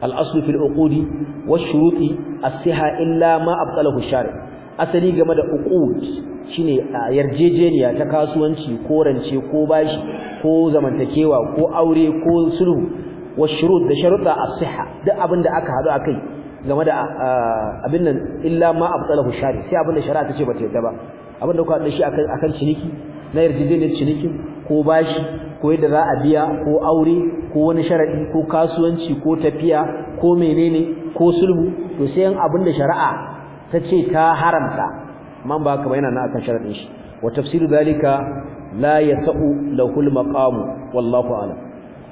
al'aslu fil uqudi washuruti as-siha illa ma abtalahu shari asali game da uqud shine yarjejeniya ta kasuwanci ko rance ko bashi ko zamantakewa ko aure ko sulhu washurut da sharuda as duk abinda aka hadu akai game da abin nan illa ma abtalahu shari sai abinda shari'a ta ce bata yadda ba abinda kuka hada shi akan ciniki na yarjejeniyar ciniki ko bashi ko yadda za a biya ko aure ko wani sharadi ko kasuwanci ko tafiya ko menene ko sulhu to sai in abin da shari'a ta ce ta haramta man ba haka yana na akan sharadin shi wa tafsiru zalika la yasau lahul maqam wallahu a'lam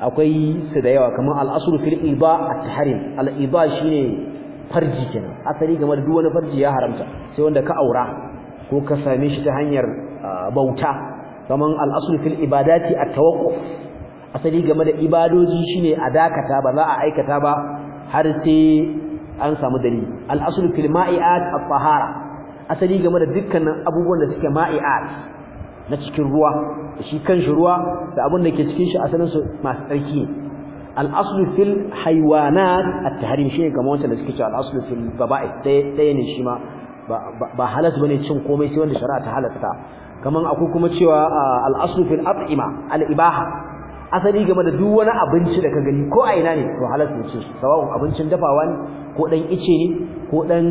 akwai su da yawa kamar al-aslu fil iba at-tahrim al-iba shine farji kenan asali game da duk wani farji ya haramta sai wanda ka aura ko ka same shi ta hanyar ah, bauta kaman al-aslu fil ibadati at-tawaqquf asali game da ibadoji shine a dakata ba za a aikata ba har sai an samu dalili al-aslu fil ma'iat at-tahara asali game da dukkanin abubuwan da suke ma'iat na cikin ruwa shi kan shi ruwa da abin da ke cikin shi asalin su masu tsarki al-aslu fil haywanat at-tahrim shi game wanda da suke cewa al-aslu fil baba'i ɗaya ne shi ma ba halas bane cin komai sai wanda shari'a ta halasta kamar akwai kuma cewa al fil at'ima al asali game da duk wani abinci da ka gani ko a ina ne to halal ce sawa'un abincin dafawa ne ko dan ice ne ko dan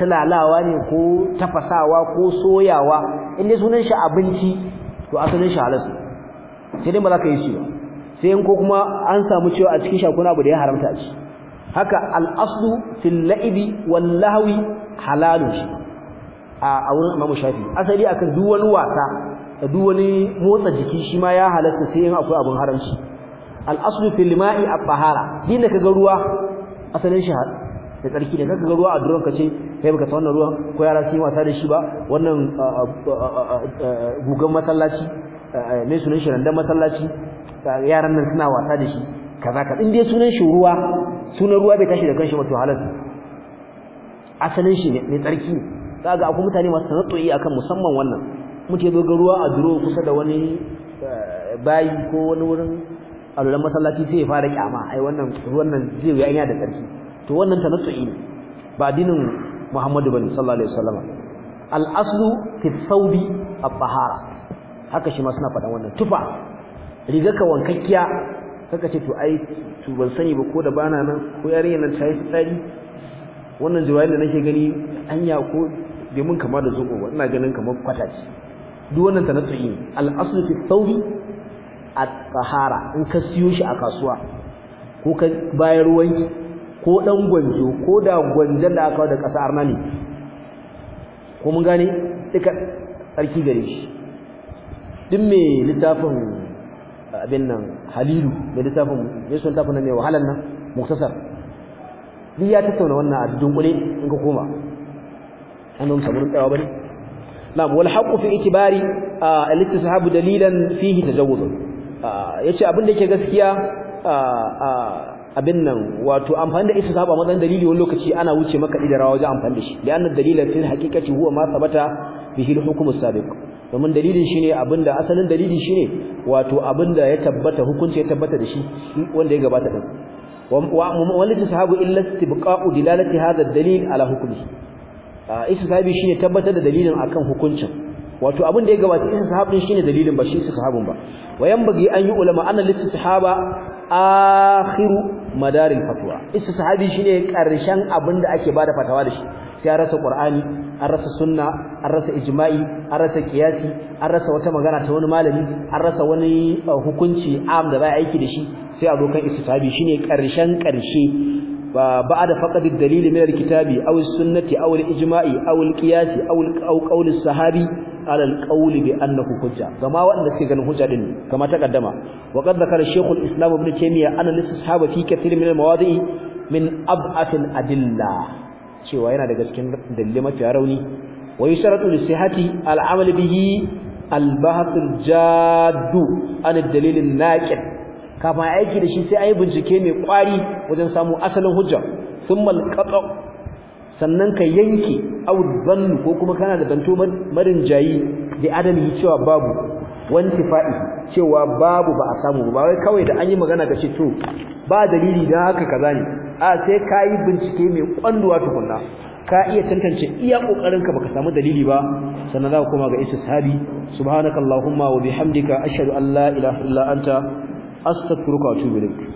sulalawa ne ko tafasawa ko soyawa in dai sunan shi abinci to asalin shi halal sai dai ba za ka yi shi ba sai in ko kuma an samu cewa a cikin shakuna abu da ya haramta shi haka al-aslu fil la'ibi wal lahwi halalun shi a wurin imamu Shafi asali a kan wani wasa da duwani wani motsa jiki shi ma ya halatta sai yin akwai abin haramci al-aslu a ma'i at-tahara ka kaga ruwa asalin shi da tsarki da kaga ruwa a duron ka ce kai baka san wannan ruwan ko yara sun yi wasa da shi ba wannan gugan masallaci mai sunan shi randan masallaci yaran nan suna wasa da shi kaza ka in dai sunan shi ruwa sunan ruwa bai tashi da kanshi ba to halatta asalin shi ne tsarki ne kaga akwai mutane masu tanattu'i akan musamman wannan muke ya zo ga ruwa a duro kusa da wani eh, bayi ko wani wurin alulan masallaci sai ya fara kyama ai wannan nan zai yi anya da tsarki to wannan ta ne ba dinin Muhammadu bane sallallahu alaihi wasallam al-aslu fi thawbi at-tahara haka shi ma suna faɗan wannan tufa riga ka wankakkiya kaka ce to ai to ban sani ba ko da bana nan ko yarinya nan ta yi tsari wannan jiwayin da nake gani anya ko bai mun kama da zobo ina ganin kamar kwata ce duk wannan tanatsu'i ne al-aslu fi thawbi at-tahara in ka siyo shi a kasuwa ko ka bayar wanki ko dan gwanjo ko da gwanjan da aka da kasa arna ne ko mun gane duka tsarki gare shi duk me littafin abin nan halilu da littafin ya sun tafi nan mai wahalar nan muktasar duk ya tattauna wannan a dunkule in ka koma an ba mu samu rutsawa bane na'am wal haqqu fi itibari al-ittisahabu dalilan fihi tazawwud yace abin da yake gaskiya abin nan wato amfani da ittisahabu a matsayin dalili wani lokaci ana wuce maka idarawa wajen amfani da shi li'anna dalilan fil haqiqati huwa ma thabata bihi al-hukm as-sabiq domin dalilin shine abinda asalin dalili shine wato abinda ya tabbata hukunci ya tabbata da shi wanda ya gabata dalil ala hukmihi shi shine tabbatar da dalilin akan hukuncin wato abin da ya gabata isa shi shine dalilin ba shi sahabin ba wayan bagi an yi ulama sahaba a akhiru madarin fatwa shi shine karshen abin da ake bada fatawa da shi sai an rasa qur'ani an rasa sunna an rasa ijma'i an rasa kiyasi, an rasa wata magana ta wani malami an rasa wani eh, hukunci am da ba a aiki da shi sai a dokan shi shine karshen karshe ba'ada faqadi dalil min alkitabi aw as-sunnati aw al-ijma'i aw al-qiyas aw al-qawl as-sahabi bi annahu hujja kama wanda suke ganin hujja din kama ta kaddama wa qad dhakara shaykhul islam ibn taymiya anna lis-sahaba fi kathir min al-mawadi' min ab'ath al-adilla cewa yana daga cikin dalilai mafi rauni wa yusharatu lis-sihhati al-amal bihi al-bahth al-jadd an kafin aiki da shi sai ayi bincike mai kwari wajen samu asalin hujja sun qata sannan ka yanke aw ko kuma kana da danto marin jayi da adami cewa babu wantifa'i cewa babu ba a samu ba wai kawai da an yi magana kace to ba dalili dan haka kaza ne a sai kai bincike mai kwanduwa tukunna ka iya tantance iya kokarinka baka samu dalili ba sannan za ka koma ga istishabi subhanakallahumma wa bihamdika ashhadu an la ilaha illa anta astaghfiruka wa atubu ilaik